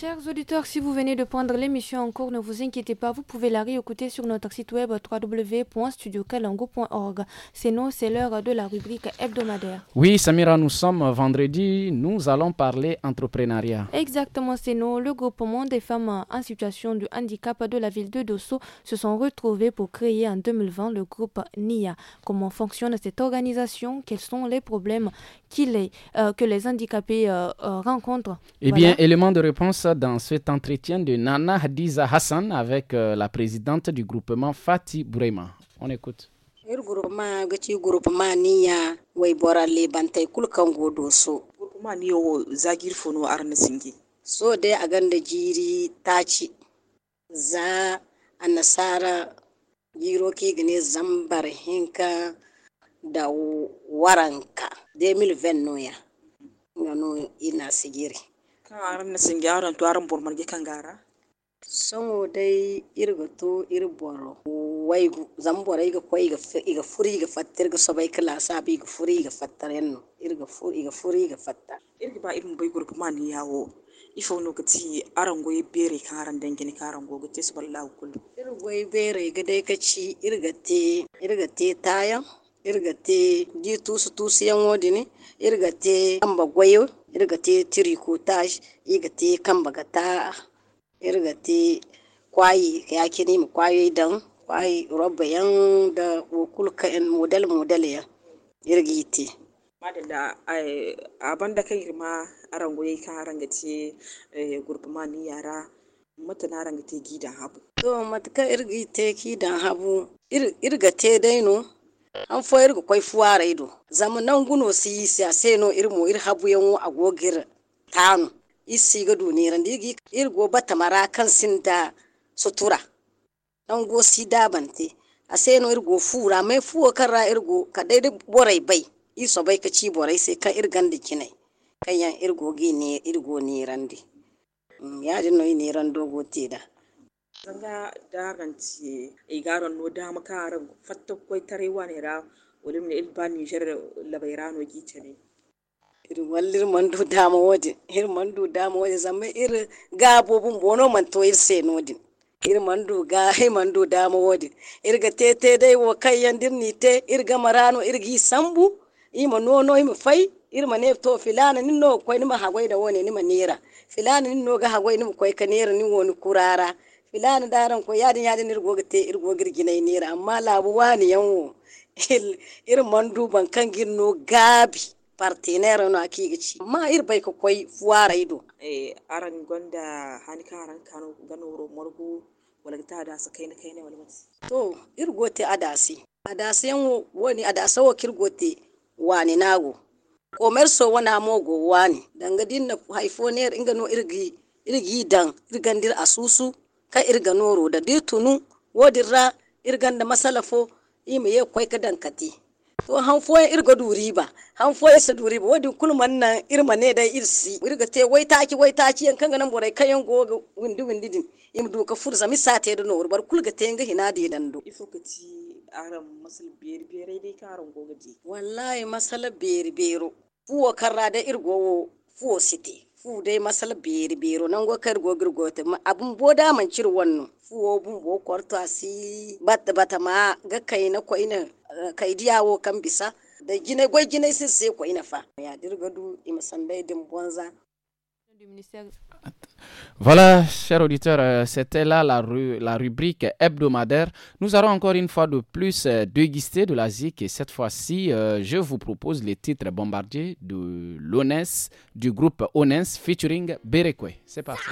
B: Chers auditeurs, si vous venez de prendre l'émission en cours, ne vous inquiétez pas, vous pouvez la réécouter sur notre site web www.studiocalango.org. C'est nous, c'est l'heure de la rubrique hebdomadaire.
A: Oui, Samira, nous sommes vendredi, nous allons parler entrepreneuriat.
B: Exactement, c'est nous. Le groupement des femmes en situation de handicap de la ville de Dosso se sont retrouvés pour créer en 2020 le groupe NIA. Comment fonctionne cette organisation Quels sont les problèmes euh, que les handicapés euh, euh,
J: rencontrent Eh bien,
A: élément de réponse dans cet entretien de Nana Hadiza Hassan avec euh, la présidente du groupement Fatih Boureima. On écoute
J: kan aram na singe aran to aran bor marge kangara. dai irga to boro zambora iga koi iga iga furi iga fatter ga kala sabi furi iga fatta. en irga furi iga furi iga fatta irga ba un yawo ifo no arango bere irga dai irgate di tusu tusu yan wodi ne irgate kamba gwayo irgate tricottage irgate kamba gata irgate kwayi ya kini mu kwayoyi dan kwayi roba yan da wokulka en model model yan irgite
K: madalla abin da kai ma arangoyi kan arangace eh, gurbamani yara mata na arangace gidan habu
J: to matuka irgite gidan habu irgate daino an foyar ga kwai fuwara ido zama nan guno si si a seno irmo ir habu yan a gogir tanu isi ga duniran digi go bata mara kan sinda sutura nan go si dabante a seno go fura mai fuwa kan ra go ka daidai borai bai iso bai ka ci borai sai kan irgan da kinai kan yan irgo gi ne di mm, ya jinno ne ran dogo te da
K: Eh, fatta, Sanga darantie ne damaka ara fattokkoi tareewwanera wolimna
J: ilbaan nijeria labairano ne iri wallir mandu dama wodin iri mandu dama wodin zamma iri bo bun bono man to iri senodin man mandu ga iri mandu dama ga irga tete dai wo yan dirni te irga marano irgi sambu ima nono ima fai irma ne to filana ninno koy nima hagoi da wone nima nera filana ninno ga hagoi nima koy ka nera ni woni kurara filani daren ko yadin yadin irgo gite irgo girginai nera amma labu wani yanwo irin mandu ban kan gino gabi partenaire no aki gici amma ir bai ko koi fuwara ido
K: eh aran gonda hani kan aran kan gano wuro morgu wala ta
J: da sa kai ne kai ne wala to irgo te adasi adasi yanwo wani adasa wo kirgote wani nago komerso wana mogo wani dangadin na haifo ne inga no irgi irgi dan irgandir asusu ka irga noro da ditunu wodirra fo masalafo ima ye koy ka dankati to han foye irga duri ba han foye sa duri ba wadin kulman nan irma ne dai irsi irga te wai taki wai ci yan kanga nan borai kayan goga windi windi din im du ka furza mi sa te da nor bar kulga te nga hina de dan do ifo kati aran masal biyar biyar dai ka goga je wallahi masala biyar beru fuwa karra da irgowo fuwa site fu dai masal biri biru nan go kar go gurgo ta abun bo da man cir wannan fu wo bun bo kwarto asi bata bata ma ga kai na ko ina eh, kai diyawo kan bisa da gine go gine sai sai ko ina fa ya dirga du dai din bonza
A: Voilà, chers auditeurs, euh, c'était là la, rubrique hebdomadaire. Nous allons encore une fois de plus euh, déguster de l'Asie et cette fois-ci, euh, je vous propose les titres bombardiers de l'ONES, du groupe ONES featuring Berekwe. C'est parti.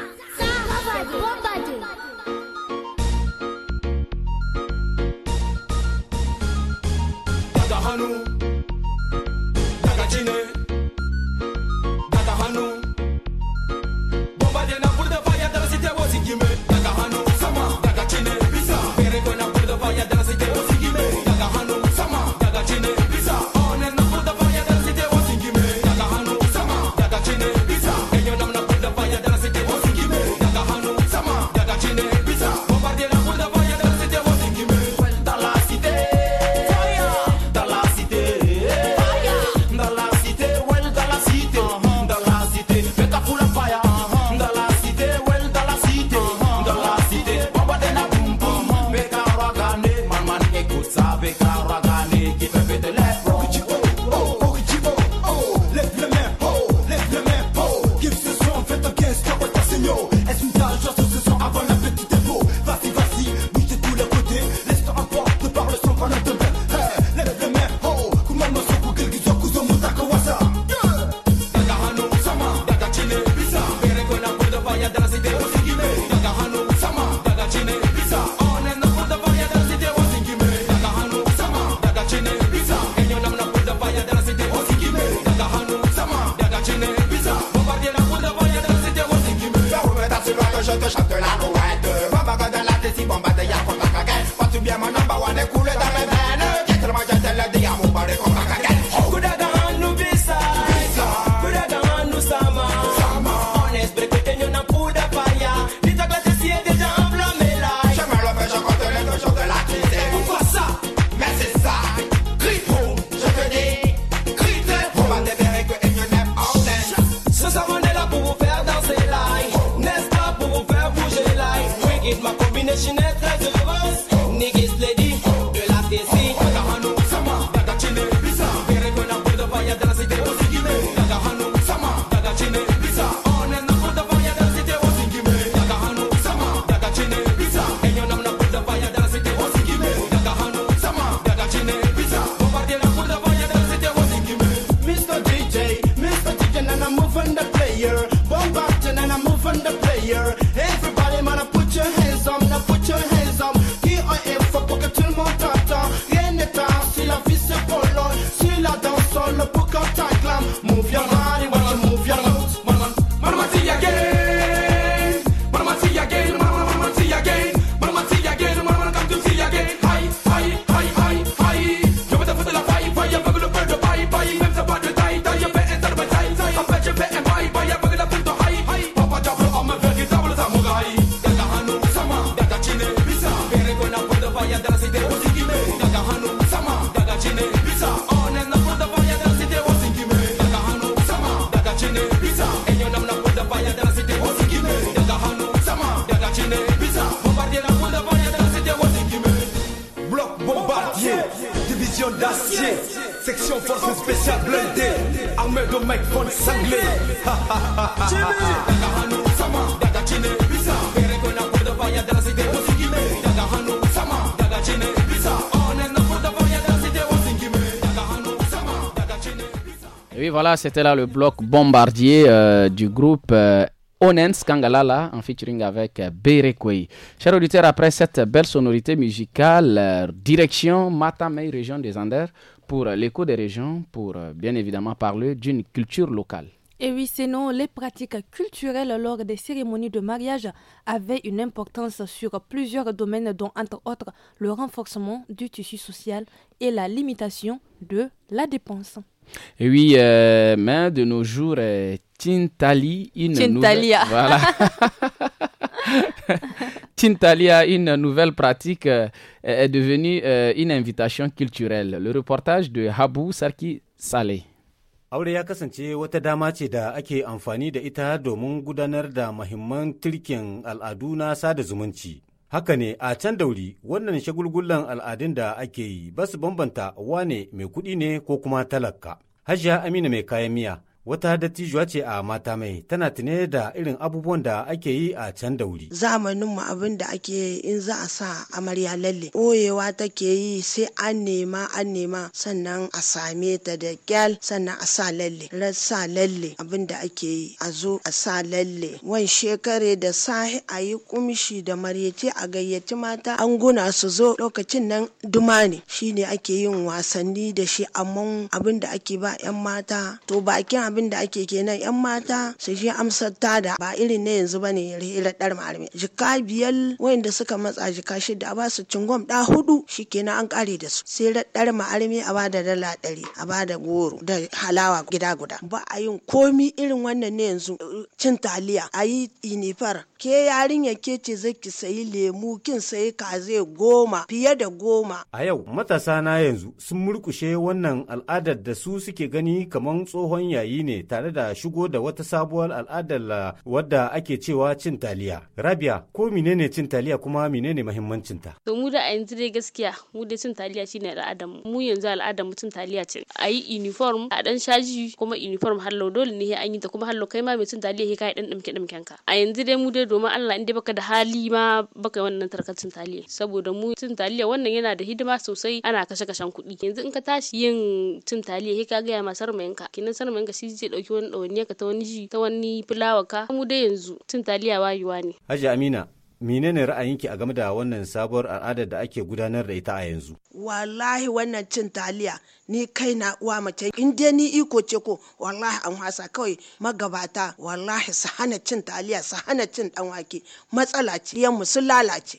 A: c'était là le bloc bombardier euh, du groupe euh, Onens Kangalala en featuring avec euh, Berekwei. Chers auditeurs, après cette belle sonorité musicale, direction Matamei, région des Anders, pour l'écho des régions, pour bien évidemment parler d'une culture locale.
B: Et oui, sinon, les pratiques culturelles lors des cérémonies de mariage avaient une importance sur plusieurs domaines, dont entre autres le renforcement du tissu social et la limitation de la dépense.
A: Et oui, euh, mais de nos jours, euh, Tintali, une Tintalia. nouvelle... Voilà. Tintalia, une nouvelle pratique, euh, est devenue euh, une invitation culturelle. Le reportage de Habou
G: Sarki Salé. Aure ya kasance wata dama ce da ake amfani da ita domin gudanar da muhimman tirkin al'adu na sada zumunci. Haka ne a can dauri wannan shagulgulan al'adun da ake yi ba su bambanta wane mai kuɗi ne ko kuma talaka. Hajiya Amina mai kayan miya wata dattijuwa ce a mata mai tana tune da irin abubuwan da ake yi a can da wuri.
I: Zamanin mu abin da ake yi in za a sa amarya lalle. Oyewa take yi sai an nema an nema sannan a same ta da gyal sannan a sa lalle. Rasa lalle abin da ake yi a zo a sa lalle. Wan shekare da sahi a yi kumshi da maryace a gayyaci mata an guna su zo lokacin nan duma ne shine ake yin wasanni da shi amma abin da ake ba 'yan mata to bakin abin abin da ake kenan yan mata su je amsar tada ba irin na yanzu bane rihila dar malami jika biyar wayanda suka matsa jika shida a basu cingom da hudu shikenan an kare da su sai raddar ma'armi a bada dala ɗari a bada goro da halawa gida guda ba a yin komi irin wannan na yanzu cin taliya a yi inifar ke yarinya ke ce ki sayi lemu kin sayi kaze goma fiye da goma
G: a yau matasa na yanzu sun murkushe wannan al'adar da su suke gani kamar tsohon yayi ne ne tare da shigo da wata sabuwar al'adar wadda ake cewa cin taliya. Rabia, ko menene cin taliya kuma menene mahimmancin ta?
L: To mu da a yanzu dai gaskiya mu da cin taliya shine al'adar mu. Mu yanzu al'adar mu cin taliya ce. A yi uniform, a dan shaji kuma uniform hallo dole ne an yi ta kuma hallo kai ma mai cin taliya kai dan dimke dimken ka. A yanzu dai mu dai domin Allah in dai baka da hali ma baka wannan cin taliya. Saboda mu cin taliya wannan yana da hidima sosai ana kashe kashen kuɗi. Yanzu in ka tashi yin cin taliya sai ka ga ya ma sarmayanka. Kinan sarmayanka shi zai ɗauki wani ɗawainiyarka ta wani ji ta wani
I: ka? mu dai yanzu cin taliya wayewa ne.
G: Haji Amina menene ra'ayinki a game da wannan sabuwar al'adar da ake gudanar da ita a yanzu
I: wallahi wannan cin taliya ni kai na uwa mace in dai ni iko ce ko wallahi an hasa kawai magabata wallahi su hana cin taliya su hana cin ɗanwake matsala ce yan mu sun lalace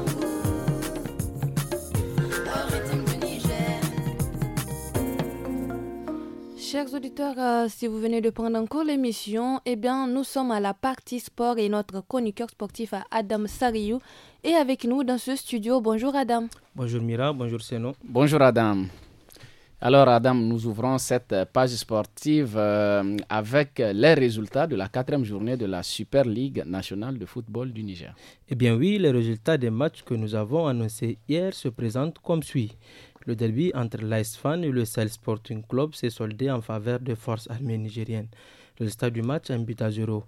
B: Chers auditeurs, euh, si vous venez de prendre encore l'émission, eh bien, nous sommes à la partie sport et notre chroniqueur sportif Adam Sariou est avec nous dans ce studio. Bonjour Adam.
A: Bonjour Mira, bonjour Seno. Bonjour Adam. Alors Adam, nous ouvrons cette page sportive euh, avec les résultats de la quatrième journée de la Super Ligue nationale de football du Niger. Eh bien oui, les
M: résultats des matchs que nous avons annoncés hier se présentent comme suit. Le derby entre l'ISFAN et le Sahel Sporting Club s'est soldé en faveur des forces armées nigériennes. Le stade du match, un but à zéro.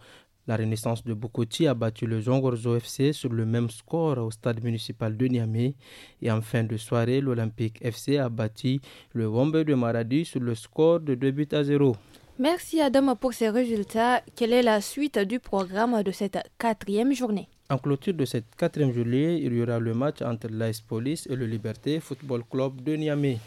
M: La Renaissance de Bukoti a battu le Zongorzo FC sur le même score au stade municipal de Niamey. Et en fin de soirée, l'Olympique FC a battu le Wombe de Maradi sur le score de 2 buts à 0.
B: Merci Adam pour ces résultats. Quelle est la suite du programme de cette quatrième journée
M: en clôture de cette 4e juillet, il y aura le match entre l'Ice Police et le Liberté Football Club de Niamey.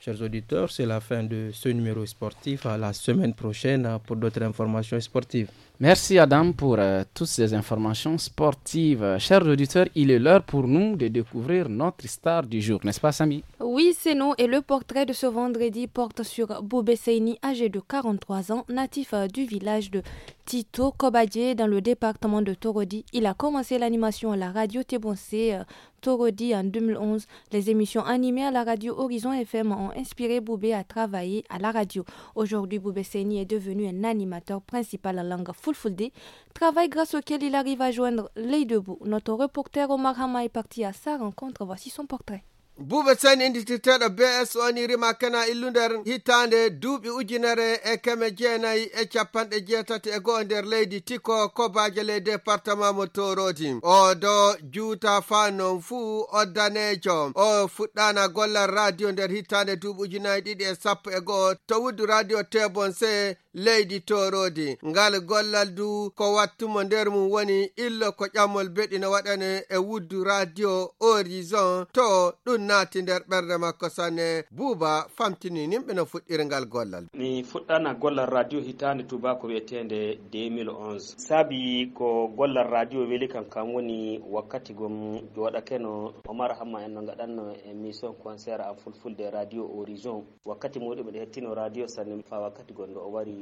M: Chers auditeurs, c'est la fin de ce numéro sportif. À la semaine prochaine pour d'autres informations
A: sportives. Merci Adam pour euh, toutes ces informations sportives. Euh, chers auditeurs, il est l'heure pour nous de découvrir notre star du jour, n'est-ce pas Samy
B: Oui, c'est nous et le portrait de ce vendredi porte sur Boubé Seini, âgé de 43 ans, natif euh, du village de Tito Kobadje dans le département de Torodi. Il a commencé l'animation à la radio Tébonsé Torodi en 2011. Les émissions animées à la radio Horizon FM ont inspiré Boubé à travailler à la radio. Aujourd'hui, Boubé Seini est devenu un animateur principal en langue football. Fuldi travail grâce auquel il arrive à joindre les debout Notre reporter Omar Hamay est parti à sa rencontre. Voici son portrait.
N: Bouve sani de bs oni rimakana illu nder hitande duuɓi ujunere e keme jeenayi e capanɗe jeetati e goho nder leydi tiko kobaje département mo torodi o do juuta faa non fuu o danejo o fuɗɗana radio nder hitande duuɓi ujunayi ɗiɗi e sappo e to wuddu radio tebon leydi torodi ngal gollal du ko wattumo nder mum woni illo ko ƴammol beɗina waɗane e wuddu radio horizon to ɗum naati nder ɓerde makko sanne buuba famtini nimɓe no fuɗɗirgal gollal
L: mi fuɗɗana gollal radio hitande tuba ko wiyetede 2011 saabi ko gollal radio weli kam kam woni wakkati gom joɗake no omar hamma en no gaɗanno émission e concert en fulfulde radio horizon wakkati muɗum ɗe hettino radio sanne fa wakkati gonɗo o wari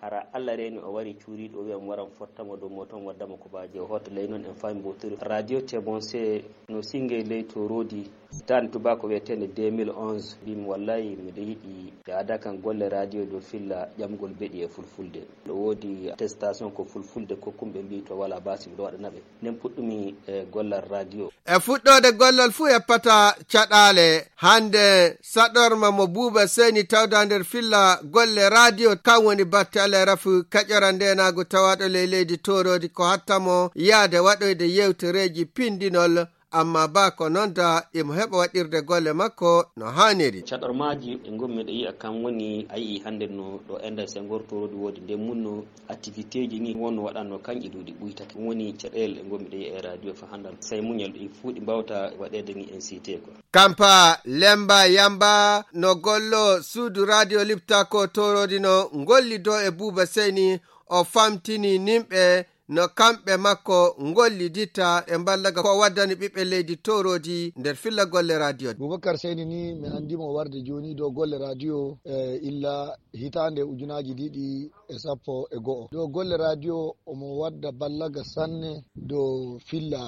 L: hara allah reni o wari cuuriɗo o wiya waran fottamo dow moton waddama ko baji o hoto ley noon en faami botori radio tebon se no singe ley to roodi tan tubako wiyetede 2011 mbimi wallayi miɗo yiiɗi ada kan golle radio dow filla ƴamgol beɗi e fulfulde ɗo woodi attestation ko fulfulde kokkumɓe mbi to wala basi miɗo waɗanaɓe nden puɗɗumi e eh, gollal radio
N: e fuɗɗode gollal fuu heppata caɗale hande saɗorma mo buuba seni tawda nder filla golle radio kan woni batte allah rafu kaƴora ndenago tawaɗo ley leydi torodi ko hattamo yaade waɗoyde yewtereji pindinol amma ba ko kononda imo heɓa waɗirde golle makko no haniri
L: caɗormaji e gommi ɗo yiya kam woni a yii hannde no ɗo endes e gortorodi woodi nde munno activité ji ni wonno waɗanno kanƴi ɗo ɓuytake woni caɗele ɗe gommi ɗo yiya e radio fa handan sey muñal ɗi fuu ɗi mbawta waɗede ni incité ko
N: kampa lemba yamba no gollo suudu radio liptako torodi no golli e buuba seyni o famtini nimɓe no kamɓe makko ngollidita e ballaga ko waddani ɓiɓɓe leydi toroji nder filla golle radio boubacar seyni ni mi andimo warde joni dow golle radio e illa hitande ujunaji ɗiɗi e sappo e go'o dow golle radio omo wadda ballaga sanne dow filla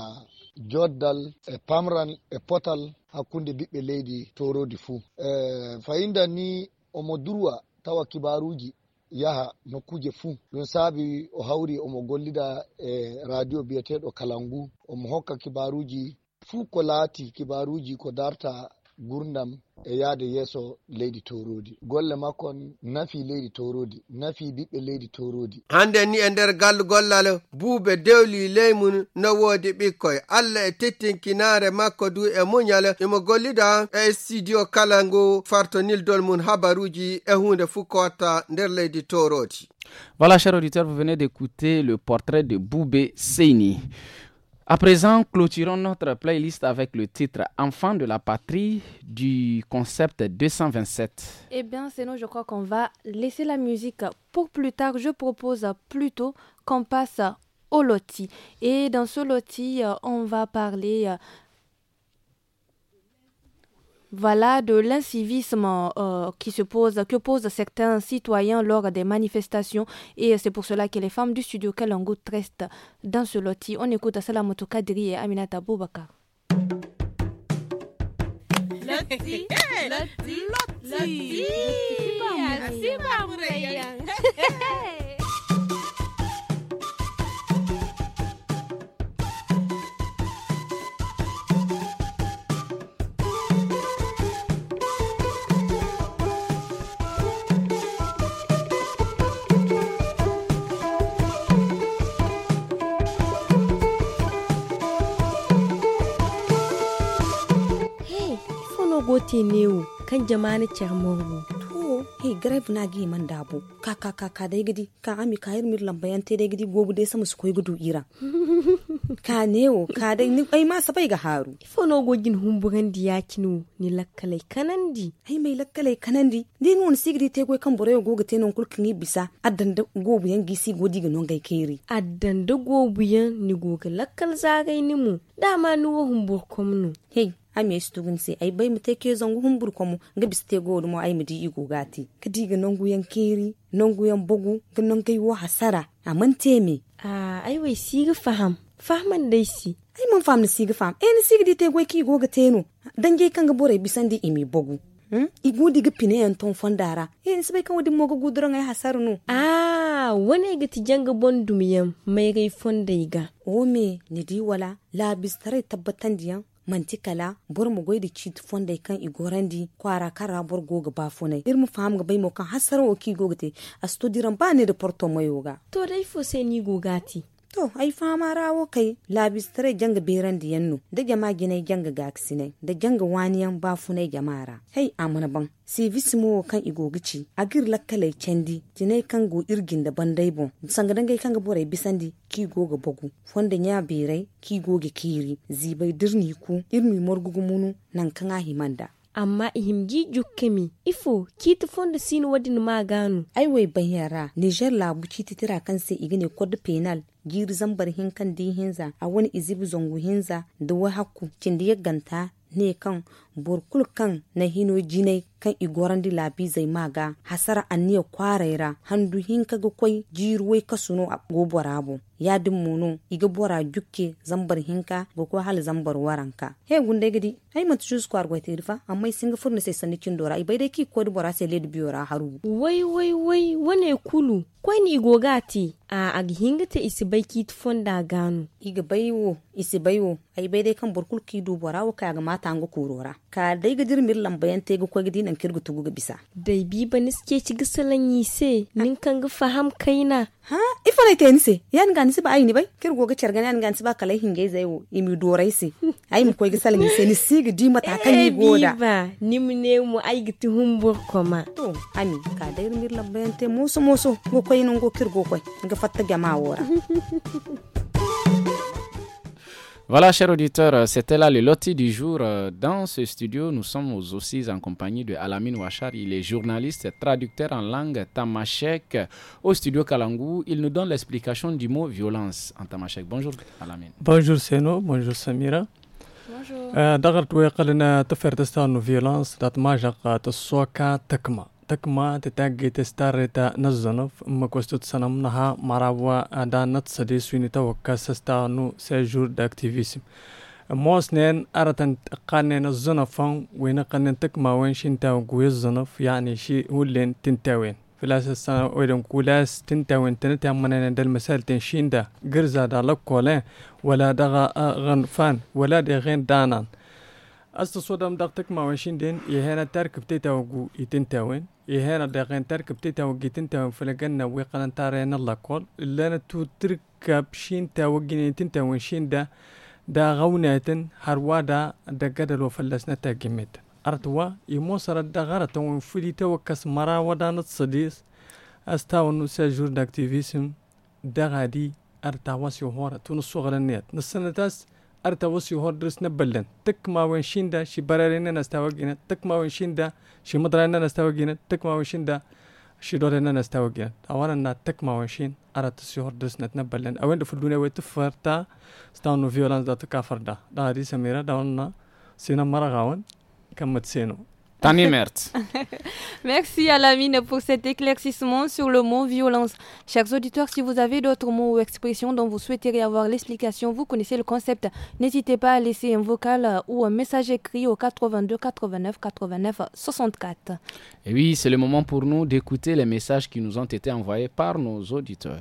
N: joddal e pamral e potal hakkunde ɓiɓɓe leydi torodi fuu e fayinda ni omo durwa tawa kibaruji yaha nokkuje fuu ɗum saabi o hawri omo gollida e radio biyeteɗo kalangu omo hokka kibaruji fuu ko laati kibaruji ko darta gurdam e yahde yeeso Lady torodi golle makko nafi lady torodi nafi ɓiɓɓe leydi torodi hande ni e nder gallu gollal buube dewli ley mum no woodi ɓikkoy allah e tettinkinare makko du e muñal imo gollida e studio kala ngu fartonildol mum habaruji e hunde nder torodi
A: Voilà, chers auditeurs, vous venez d'écouter le portrait de Boube Seini. À présent, clôturons notre playlist avec le titre Enfant de la patrie du concept 227.
B: Eh bien, sinon, je crois qu'on va laisser la musique pour plus tard. Je propose plutôt qu'on passe au loti. Et dans ce loti, euh, on va parler euh, voilà de l'incivisme euh, qui se pose, que posent certains citoyens lors des manifestations et c'est pour cela que les femmes du studio Kalangut restent dans ce loti. On écoute Salamoto Kadri et Aminata Boubaka.
C: Loti, loti, loti,
K: no gote o kan jamani charmongo to he grave na gi man dabo ka ka ka ka dai gidi ka ami ka yir mir lambayan te dai gidi gobu dai sama su koy gudu ira ka o ka dai ni ai ma sabai ga haru ifo no gogin humbugan di yakinu ni lakkalai kanandi ai mai lakkalai kanandi din won sigri te goy kan bore goga te non kulkin yi bisa addan da gobu yan si godi ga non gai kairi addan da gobu yan ni goga lakkal zagai ni mu dama ni wo humbur komnu hey ame shi tugun se ai bai mate ke zangu humbur komu ga biste go mo ai d'i igu gati kadi ga nongu yan keri nongu yan bugu ga non kai wa hasara a man teme a ai wai si ga faham fahman dai si ai mun faham si ga faham eh ni si ga dite go ki go ga teno dan ge kan ga bore di imi bugu Hmm? igu diga pine yan ton fondara eh ni bai kan wadi moga guduran ai hasaru no ah wani ga janga bon dumiyam mai gai fonda iga o me ni di wala la bistare tabbatan diyan mantikala bor da ci chit fonde kan igorandi kwara kara bor goga bafone ir mu faham ga baymo kan hasar o ki gogate a studiran ba ne da porto mayoga to dai fo sai ni gogati to ai fama rawo kai labis tare janga beran da yannu da jama ginai janga gaksine da janga waniyan bafunai jamara hei amana ban si visimo kan igogici agir lakkalai cendi tinai kan go irgin da bandai bon sanga dangai kan ga borai bisandi ki goga bogu fonda nya birai ki goge kiri zibai dirni ku irmi morgugu munu nan kan ahimanda amma ihimgi jukkemi ifo kiti fondo sin wadin ma gano ai wai banyara niger labu kiti tira kansa igine code penal giri zambar hinkan di hinza a wani izibu zongu hinza da wahakku cindi ya ganta ne kan burkul kan na hino jinai kan di labi zai maga hasara aniya kwaraira handu hinka ga kwai jiruwai kasuno a goborabu ya dimmuno iga bora jukke zambar hinka ga ko hal zambar waranka he gunde gidi ai mata jus kwar go tirfa amma singa furna sai sanikin dora ibai dai ki ko bora sai led biora haru wai wai wai wane kulu kwai ni gogati a ag hinga ta isi bai ki gano iga baiwo isi baiwo ai bai dai kan burkul ki du ka ga mata an korora ka dai ga jirmir lambayan te ga kwa gidi nan kirgu tugu ga bisa dai bi ba niske ci ga salan yi se nin kan ga faham kaina ha ifa na ten se yan ga nisi ba ayi ni bai kirgu ga chargan yan ga nisi ba kalai hinge zai wo imi dorai se ai mu koi ga salan yi se ni si ga di mata kan yi eh, bi ba ni mu ne mu ai ga tuhum bur koma to ami ka dai mir lambayan te musu musu go koi nan go kirgu koi ga fatta ga ma wora
A: Voilà, chers auditeurs, euh, c'était là le loti du jour. Euh, dans ce studio, nous sommes aussi en compagnie de Alamine Ouachar. Il est journaliste, et traducteur en langue tamashek. Au studio Kalangou, il nous donne l'explication du mot violence en tamashek. Bonjour, Alamine.
H: Bonjour, Seno. Bonjour, Samira. Bonjour. Euh, violence, takma titagite starita nazanov makostut sanam naha marawa danat sadi swini tawakka sastanu séjour d'activisme موسنين أرتن قانين الزنفون وين قانين تكما وين شنتاو قوي الزنف يعني شي ولين تنتاوين فلاس السنة ويدن كولاس تنتاوين تنتا منين دل مسال تنشين دا قرزا دا لكولين ولا دغا غنفان ولا دغين دانان أستا صدام دقتك ما وانشين دين يهانا تركب تيتاوغو يتنتاوين يهانا داغين تركب تيتاوغو يتنتاوين فلقنا ويقنا تارين الله قول لانا تو تركب شين تاوغين يتنتاوين شين دا دا غوناتن هروا دا دا قدلو فلسنا تاقيمت أرتوا يموصر دا غارتا وانفلي توكس مرا ودانت صديس أستاو نوسا جور دا اكتيفيسم دا غادي أرتاواسي هورا تونس صغرانيات نسنتاس artawus yuhordris nabbalan takmawen shinda shi bararenen astawagina takmawen shinda shi madranen astawagina takmawen shinda shi dorenen astawagina awanana takmawen shin aratus yuhordris natnabbalan awen dufudune we tufarta stawnu violence datu kafarda daadi samira dawanna sina maragawan kammat seno Tani Mertz.
B: Merci à la mine pour cet éclaircissement sur le mot violence. Chers auditeurs, si vous avez d'autres mots ou expressions dont vous souhaiteriez avoir l'explication, vous connaissez le concept. N'hésitez pas à laisser un vocal ou un message écrit au 82 89 89 64.
A: Et oui, c'est le moment pour nous d'écouter les messages qui nous ont été envoyés par nos auditeurs.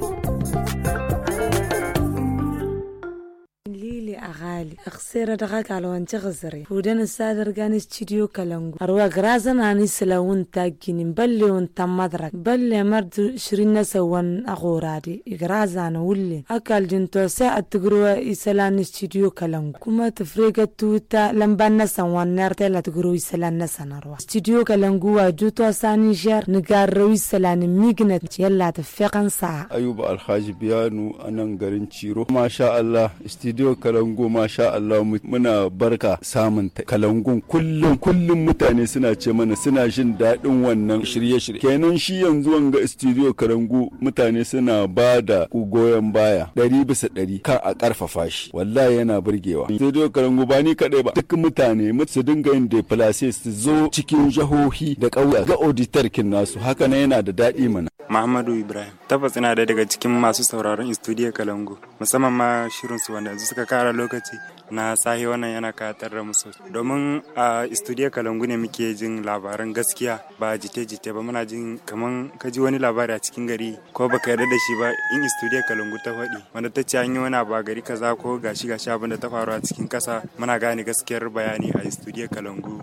I: ali aksera daga kalwan chakasari fudana sadar gani studio kalangu arwa grazan ani silawun tagginin balle un tamadrak balle mardu shirina sawan agoradi igrazan wulle akal jinto sa atgrua isalan studio kalangu kuma tafrega tuta lambanna sawan nerte la tgru isalan sanarwa studio kalangu wa juto sani jar nigarrawi salan mignat yalla tafaqan sa
F: ayuba alhaji biyanu anan garin ciro masha Allah studio kalangu ma masha Allah muna barka samun kalangun kullum kullum mutane suna ce mana suna jin daɗin wannan shirye-shirye kenan shi yanzu wanga studio karangu mutane suna ba da goyon baya ɗari bisa ɗari kan a ƙarfafa shi wallahi yana burgewa studio karangu ba ni kaɗai ba duk mutane su dinga yin deplace su zo cikin
L: jahohi da ƙauye ga auditor kin nasu haka na yana da daɗi mana Muhammadu Ibrahim tabbas ina da daga cikin masu sauraron studio kalangu musamman ma shirin su wanda suka kara lokaci na sahi wannan yana katar da musu domin a studio kalangu ne muke jin labaran gaskiya ba jite-jite ba muna jin kamar ka ji wani labari a cikin gari ko baka yarda da shi ba in studio kalangu ta faɗi wanda ta ce an yi wani ba gari kaza ko gashi gashi abin da ta faru a cikin kasa muna gane gaskiyar bayani a studio kalangu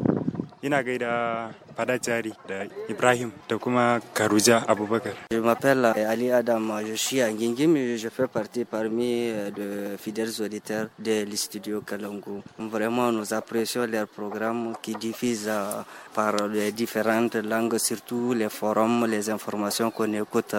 L: ina gaida Je m'appelle euh, Ali Adam, je suis à et je fais partie parmi les euh, fidèles auditeurs de l'Istudio Kalongu. Vraiment, nous apprécions leur programme qui diffuse euh, par les différentes langues, surtout les forums, les informations qu'on écoute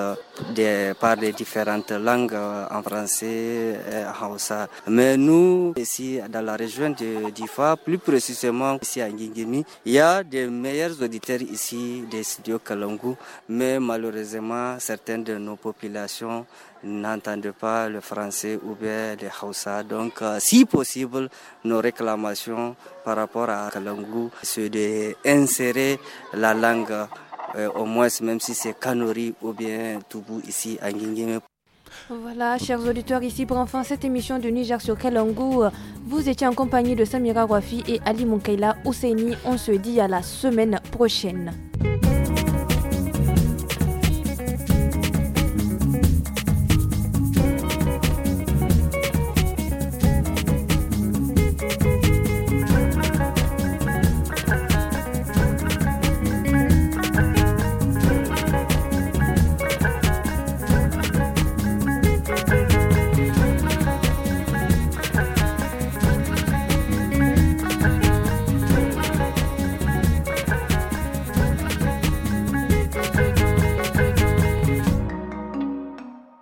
L: par les différentes langues en français et en Hausa. Mais nous, ici, dans la région de d'Ifa, plus précisément ici à Ngingimi, il y a des meilleurs auditeurs auditeurs ici des studios Kalangu, mais malheureusement, certaines de nos populations n'entendent pas le français ou bien les Hausa. Donc, euh, si possible, nos réclamations par rapport à Kalangu, c'est d'insérer la langue, euh, au moins même si c'est Kanori ou bien Toubou ici à Nguingime.
B: Voilà, chers auditeurs, ici pour enfin cette émission de Niger sur Kelangou. Vous étiez en compagnie de Samira Wafi et Ali Munkaila Ousseini. On se dit à la semaine prochaine.